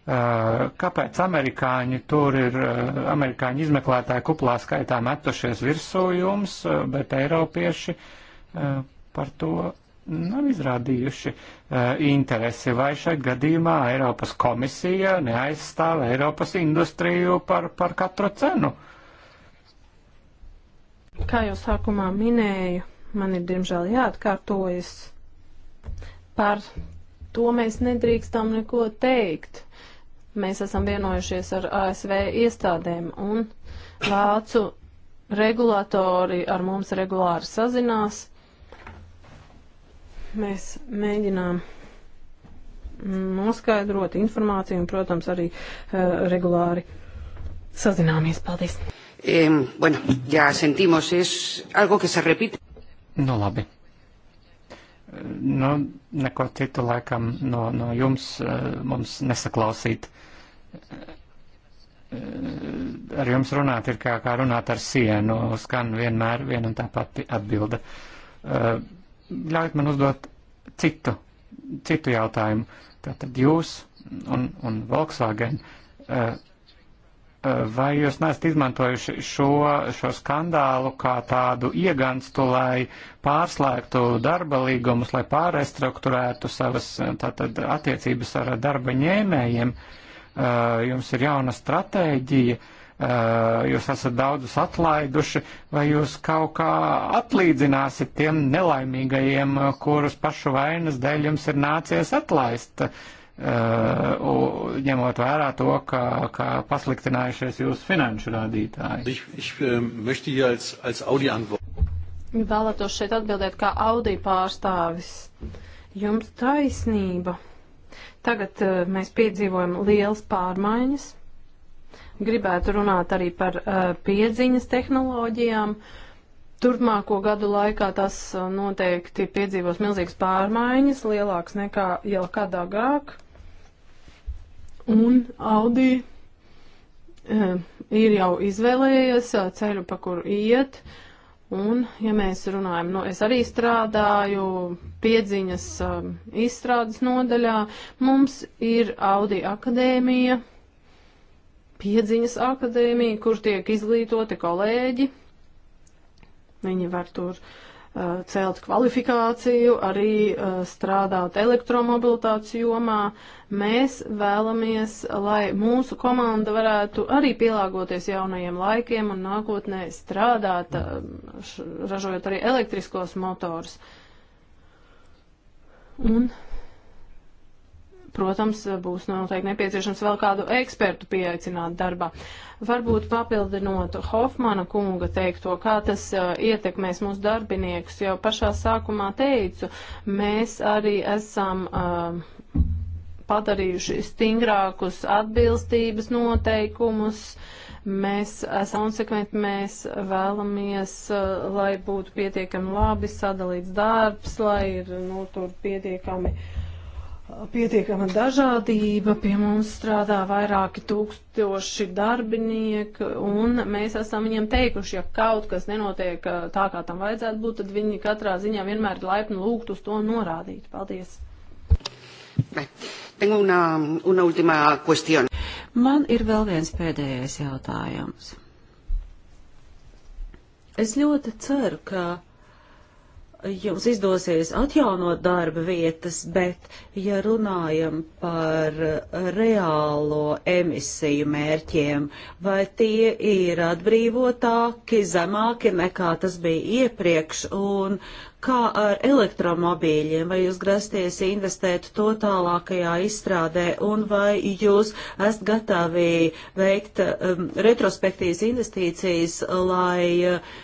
Uh, kāpēc amerikāņi tur ir, uh, amerikāņu izmeklētāji kuplā skaitā metušies virsū jums, uh, bet eiropieši par to nav izrādījuši eh, interesi, vai šeit gadījumā Eiropas komisija neaizstāv Eiropas industriju par, par katru cenu. Kā jau sākumā minēju, man ir diemžēl jāatkārtojas. Par to mēs nedrīkstam neko teikt. Mēs esam vienojušies ar ASV iestādēm un Vācu regulātori ar mums regulāri sazinās Mēs mēģinām mm, noskaidrot informāciju un, protams, arī uh, regulāri sazināmies. Paldies! Eh, bueno, ya sentimos, es algo que se repite. Nu, labi. Nu, neko citu laikam no, no jums uh, mums nesaklausīt. Uh, ar jums runāt ir kā, kā runāt ar sienu, skan vienmēr viena un tā pati atbilde. Uh, ļaujiet man uzdot citu, citu jautājumu. Tātad jūs un, un Volkswagen, eh, eh, vai jūs neesat izmantojuši šo, šo skandālu kā tādu ieganstu, lai pārslēgtu darba līgumus, lai pārrestruktūrētu savas eh, tātad, attiecības ar darba ņēmējiem? Uh, Eh, jums ir jauna stratēģija, eh, jūs esat daudzus atlaiduši, vai jūs kaut kā atlīdzināsiet tiem nelaimīgajiem, kurus pašu vainas dēļ jums ir nācies atlaist, eh, ņemot vērā to, ka, ka pasliktinājušies jūsu finanšu rādītāji. Ich, ich, äh, Vēlētos šeit atbildēt kā Audi pārstāvis. Jums taisnība. Tagad uh, mēs piedzīvojam lielas pārmaiņas. Gribētu runāt arī par uh, piedziņas tehnoloģijām. Turpmāko gadu laikā tas uh, noteikti piedzīvos milzīgas pārmaiņas, lielākas nekā jau kad agrāk. Un Audi uh, ir jau izvēlējies uh, ceļu, pa kuru iet. Uh, Un, ja mēs runājam, nu, es arī strādāju piedziņas um, izstrādes nodaļā, mums ir Audi akadēmija, piedziņas akadēmija, kur tiek izglītoti kolēģi. Viņi var tur uh, Uh, celt kvalifikāciju, arī uh, strādāt elektromobilitātes jomā. Mēs vēlamies, lai mūsu komanda varētu arī pielāgoties jaunajiem laikiem un nākotnē strādāt, uh, ražojot arī elektriskos motors. Un, protams, būs noteikti nepieciešams vēl kādu ekspertu pieaicināt darbā. Uh, Varbūt papildinot Hofmana kunga teikto, kā tas uh, ietekmēs mūsu darbiniekus, jau pašā sākumā teicu, mēs arī esam. Uh, padarījuši stingrākus atbilstības noteikumus, uh, mēs esam konsekventi, mēs vēlamies, lai būtu pietiekami labi sadalīts darbs, lai ir nu, tur pietiekami uh, pietiekama dažādība, pie mums strādā vairāki tūkstoši darbinieki, un mēs esam viņiem teikuši, ja kaut kas nenotiek uh, tā, kā tam vajadzētu būt, tad viņi katrā ziņā vienmēr laipni lūgt uz to norādīt. Paldies! Tengo una, una última cuestión. Man ir vēl viens pēdējais jautājums. Es ļoti ceru, ka jums izdosies atjaunot darba vietas, bet, ja runājam par reālo emisiju mērķiem, vai tie ir atbrīvotāki, zemāki nekā tas bija iepriekš, un Kā ar elektromobīļiem? Vai jūs grasties investēt to tālākajā izstrādē un vai jūs esat gatavi veikt um, retrospektīvas investīcijas, lai uh,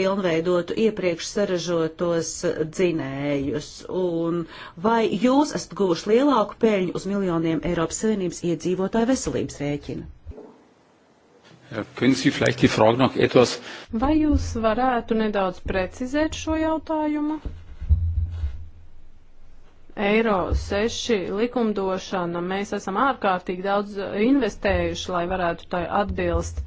pilnveidotu iepriekš saražotos dzinējus? Un vai jūs esat guvuši lielāku peļņu uz miljoniem Eiropas Savienības iedzīvotāju veselības rēķina? Äh, Vai jūs varētu nedaudz precizēt šo jautājumu? Eiro 6 likumdošana, mēs esam ārkārtīgi daudz uh, investējuši, lai varētu tai atbilst.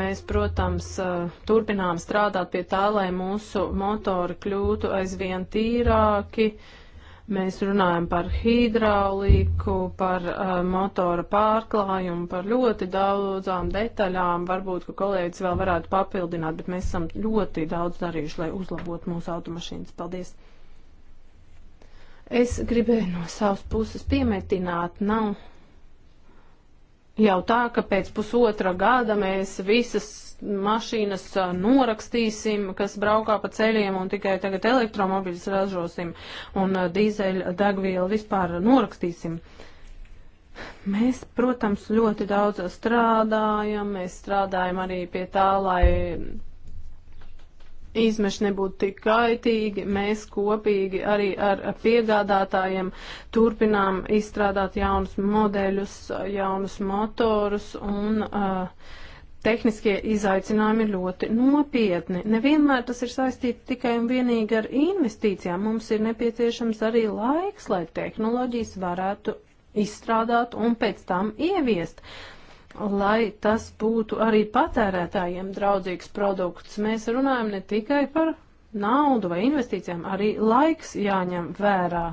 Mēs, protams, uh, turpinām strādāt pie tā, lai mūsu motori kļūtu aizvien tīrāki, uh, Mēs runājam par hidrauliku, par uh, motora pārklājumu, par ļoti daudzām detaļām. Varbūt, ka kolēģis vēl varētu papildināt, bet mēs esam ļoti daudz darījuši, lai uzlabotu mūsu automašīnas. Paldies! Es gribēju no savas puses piemetināt, nav jau tā, ka pēc pusotra gada mēs visas mašīnas norakstīsim, kas braukā pa ceļiem un tikai tagad elektromobiļus ražosim un dīzeļa degvielu vispār norakstīsim. Mēs, protams, ļoti daudz strādājam, mēs strādājam arī pie tā, lai izmeši nebūtu tik kaitīgi. Mēs kopīgi arī ar piegādātājiem turpinām izstrādāt jaunus modeļus, jaunus motorus un uh, tehniskie izaicinājumi ir ļoti nopietni. Nevienmēr tas ir saistīts tikai un vienīgi ar investīcijām. Mums ir nepieciešams arī laiks, lai tehnoloģijas varētu izstrādāt un pēc tam ieviest. Lai tas būtu arī patērētājiem draudzīgs produkts, mēs runājam ne tikai par naudu vai investīcijām, arī laiks jāņem vērā.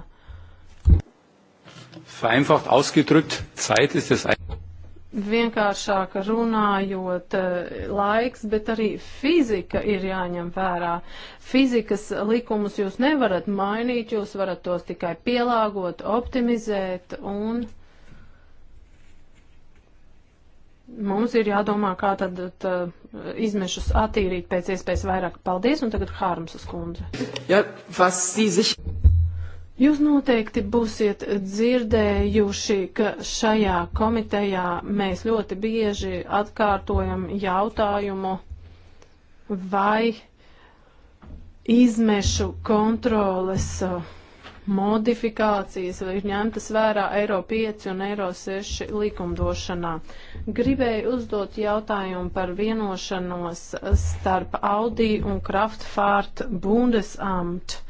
Vereinfacht ausgedrückt, Zeit ist es eigentlich vienkāršāk runājot eh, laiks, bet arī fizika ir jāņem vērā. Fizikas likumus jūs nevarat mainīt, jūs varat tos tikai pielāgot, optimizēt un mums ir jādomā, kā tad tā, izmešus attīrīt pēc iespējas vairāk. Paldies, un tagad Hārmsas kundze. Ja, was Sie sich... Jūs noteikti būsiet dzirdējuši, ka šajā komitejā mēs ļoti bieži atkārtojam jautājumu, vai izmešu kontroles uh, modifikācijas ir ņemtas vērā Eiro 5 un Eiro 6 likumdošanā. Gribēju uzdot jautājumu par vienošanos starp Audi un Kraftfahrt Bundesamt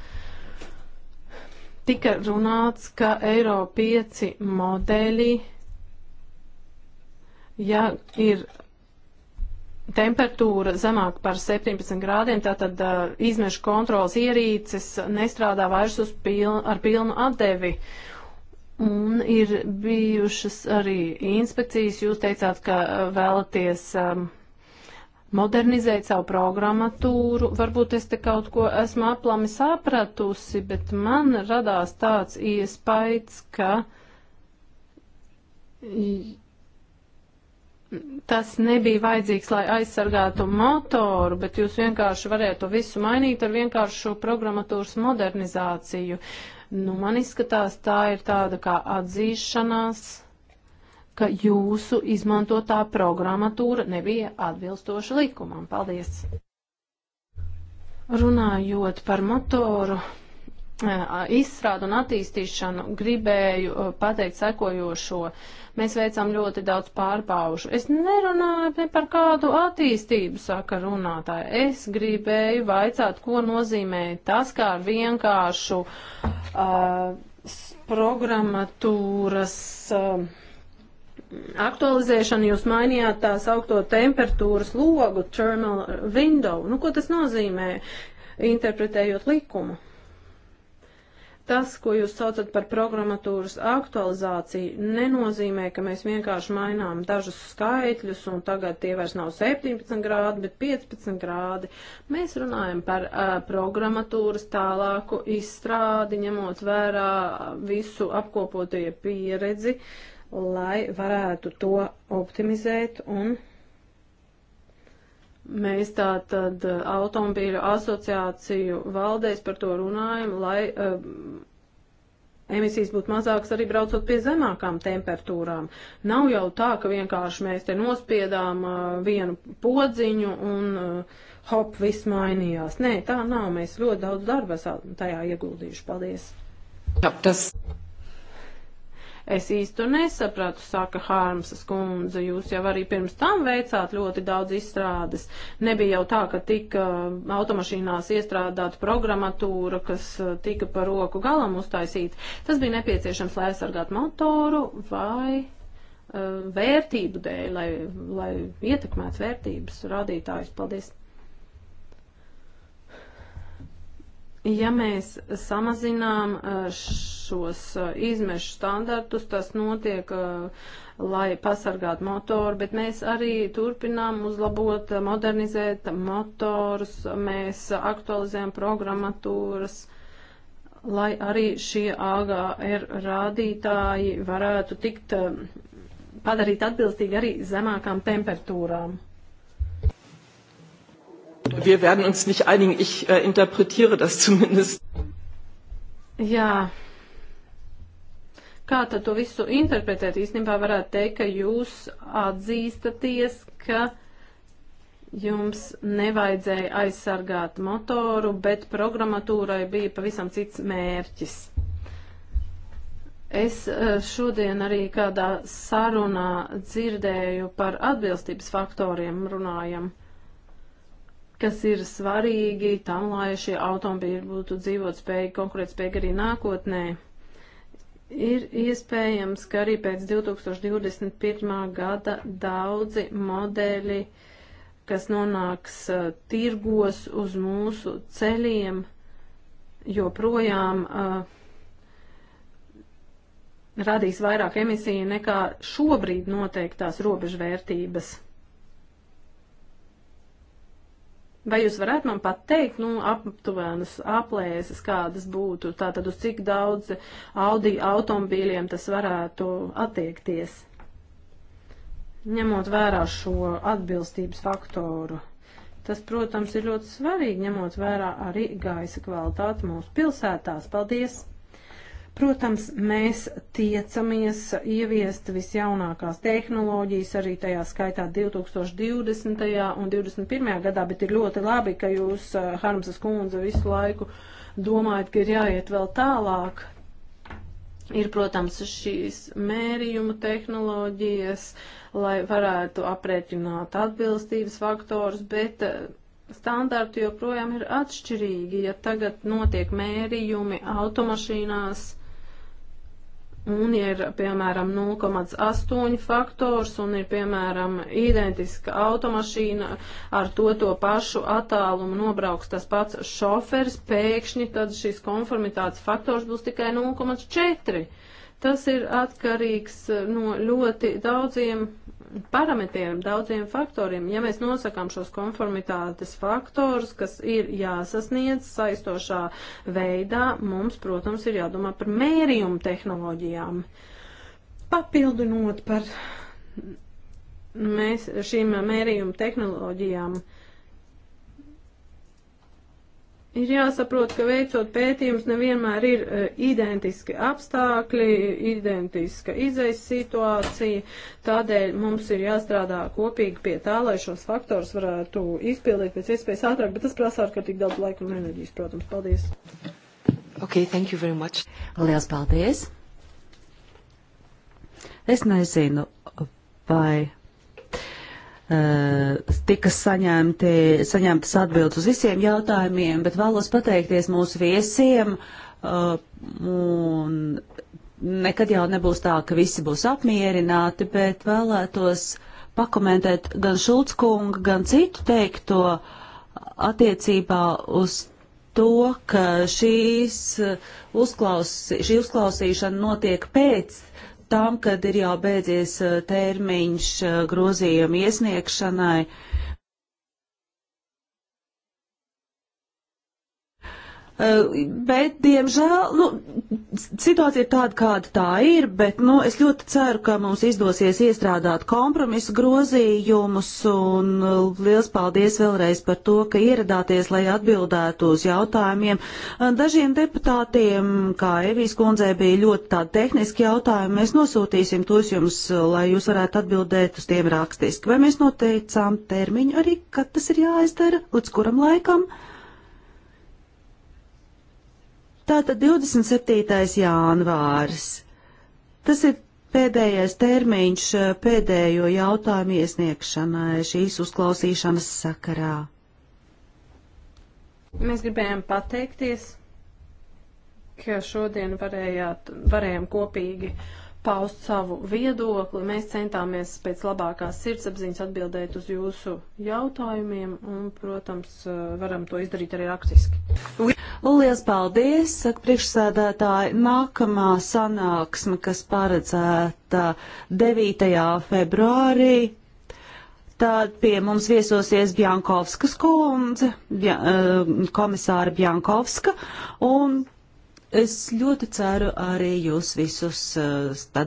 tika runāts, ka Eiro 5 modeļi, ja ir temperatūra zemāk par 17 grādiem, tātad uh, izmešu kontrolas ierīces nestrādā vairs uz piln, ar pilnu atdevi. Un ir bijušas arī inspekcijas. Jūs teicāt, ka uh, vēlaties um, modernizēt savu programmatūru. Varbūt es te kaut ko esmu aplami sapratusi, bet man radās tāds iespējas, ka tas nebija vajadzīgs, lai aizsargātu motoru, bet jūs vienkārši varētu to visu mainīt ar vienkāršu programmatūras modernizāciju. Nu, man izskatās, tā ir tāda kā atzīšanās ka jūsu izmantotā programmatūra nebija atbilstoša likumam. Paldies! Runājot par motoru eh, izstrādu un attīstīšanu, gribēju eh, pateikt sekojošo. Mēs veicam ļoti daudz pārbaužu. Es nerunāju ne par kādu attīstību, saka runātāja. Es gribēju vaicāt, ko nozīmē tas, kā ar vienkāršu uh, programmatūras. Uh, aktualizēšanu jūs mainījāt tās augto temperatūras logu, terminal window. Nu, ko tas nozīmē, interpretējot likumu? Tas, ko jūs saucat par programmatūras aktualizāciju, nenozīmē, ka mēs vienkārši mainām dažus skaitļus un tagad tie vairs nav 17 grādi, bet 15 grādi. Mēs runājam par uh, programmatūras tālāku izstrādi, ņemot vērā visu apkopotie pieredzi. Uh, lai varētu to optimizēt un Mēs tā tad eh, automobīļu asociāciju valdēs par to runājam, lai uh, emisijas būtu mazākas arī braucot pie zemākām temperatūrām. Nav jau tā, ka vienkārši mēs te nospiedām uh, vienu podziņu un uh, hop, viss mainījās. Nē, tā nav. Mēs ļoti daudz darba esam tajā ieguldījuši. Paldies! Jā, tas Es īstu nesapratu, saka Hārmsas kundze, jūs jau arī pirms tam veicāt ļoti daudz izstrādes. Nebija jau tā, ka tika uh, automašīnās iestrādāta programmatūra, kas uh, tika par roku galam uztaisīta. Tas bija nepieciešams, lai aizsargātu motoru vai uh, vērtību dēļ, lai, lai ietekmētu vērtības rādītājus. Paldies! Ja mēs samazinām š šos eh, izmešu standartus, tas notiek, eh, lai pasargātu motoru, bet mēs arī turpinām uzlabot, eh, modernizēt motors, mēs aktualizējam programmatūras, lai arī šie AGR rādītāji varētu tikt padarīt atbilstīgi arī zemākām temperatūrām. Wir werden uns nicht einigen. Ich äh, interpretiere das zumindest. Ja, Kā tad to visu interpretēt? Īstenībā varētu teikt, ka jūs atzīstaties, ka jums nevajadzēja aizsargāt motoru, bet programmatūrai bija pavisam cits mērķis. Es eh, šodien arī kādā sarunā dzirdēju par atbilstības faktoriem runājam kas ir svarīgi tam, lai šie automobīļi būtu dzīvotspējīgi, konkurētspējīgi arī nākotnē. Ir iespējams, ka arī pēc 2021. gada daudzi modeļi, kas nonāks uh, tirgos uz mūsu ceļiem, joprojām uh, radīs vairāk emisiju nekā šobrīd noteiktās robežvērtības. Vai jūs varētu man pateikt, nu, aptuvenas aplēses, kādas būtu, tātad uz cik daudz Audi automobīļiem tas varētu attiekties, ņemot vērā šo atbilstības faktoru? Tas, protams, ir ļoti svarīgi, ņemot vērā arī gaisa kvalitāti mūsu pilsētās. Paldies! Protams, mēs tiecamies ieviest visjaunākās tehnoloģijas arī tajā skaitā 2020. un 2021. gadā, bet ir ļoti labi, ka jūs, eh, Harmsas kundze, visu laiku domājat, ka ir jāiet vēl tālāk. Ir, protams, šīs mērījuma tehnoloģijas, lai varētu aprēķināt atbilstības faktorus, bet eh, standarti joprojām ir atšķirīgi. Ja tagad notiek mērījumi automašīnās, Un ir, piemēram, 0,8 faktors un ir, piemēram, identiska automašīna ar to to pašu attālumu nobrauks tas pats šofers, pēkšņi tad šis konformitātes faktors būs tikai 0,4. Tas ir atkarīgs eh, no ļoti daudziem parametriem, daudziem faktoriem. Ja mēs nosakām šos konformitātes faktorus, kas ir jāsasniedz saistošā veidā, mums, protams, ir jādomā par mērījumu tehnoloģijām. Papildinot par mēs šīm mērījumu tehnoloģijām uh, Ir jāsaprot, ka veicot pētījumus nevienmēr ir uh, identiski apstākļi, identiska izejas situācija, tādēļ mums ir jāstrādā kopīgi pie tā, lai šos faktors varētu izpildīt pēc iespējas ātrāk, bet tas prasa ārkārtīgi daudz laika un enerģijas, protams. Paldies! Ok, thank you very much. Lielas paldies! Es nezinu, vai Eh, tika saņemti, saņemtas atbildes uz visiem jautājumiem, bet vēlos pateikties mūsu viesiem. Eh, un nekad jau nebūs tā, ka visi būs apmierināti, bet vēlētos pakomentēt gan Šulckunga, gan citu teikto attiecībā uz to, ka šīs eh, uzklaus, šī uzklausīšana notiek pēc tam, kad ir jau beidzies eh, termiņš eh, grozījuma iesniegšanai. Uh, Eh, bet, diemžēl, nu, situācija ir tāda, kāda tā ir, bet, nu, es ļoti ceru, ka mums izdosies iestrādāt kompromisu grozījumus, un eh, liels paldies vēlreiz par to, ka ieradāties, lai atbildētu uz jautājumiem. Eh, dažiem deputātiem, kā Evijas kundzei, bija ļoti tādi tehniski jautājumi, mēs nosūtīsim tos jums, lai jūs varētu atbildēt uz tiem rakstiski. Vai mēs noteicām termiņu arī, kad tas ir jāizdara, līdz kuram laikam? Tātad 27. janvārs. Tas ir pēdējais termiņš eh, pēdējo jautājumu iesniegšanai šīs uzklausīšanas sakarā. Mēs gribējām pateikties, ka šodien varējāt, varējām kopīgi uh, paust savu viedokli. Mēs centāmies pēc labākās sirdsapziņas atbildēt uz jūsu jautājumiem un, protams, varam to izdarīt arī rakstiski. Lielas paldies, saka priekšsēdētāji. Nākamā sanāksme, kas paredzēta 9. februārī, Tad pie mums viesosies Bjankovskas kundze, eh, komisāra Bjankovska, un Es ļoti ceru arī jūs visus eh, tad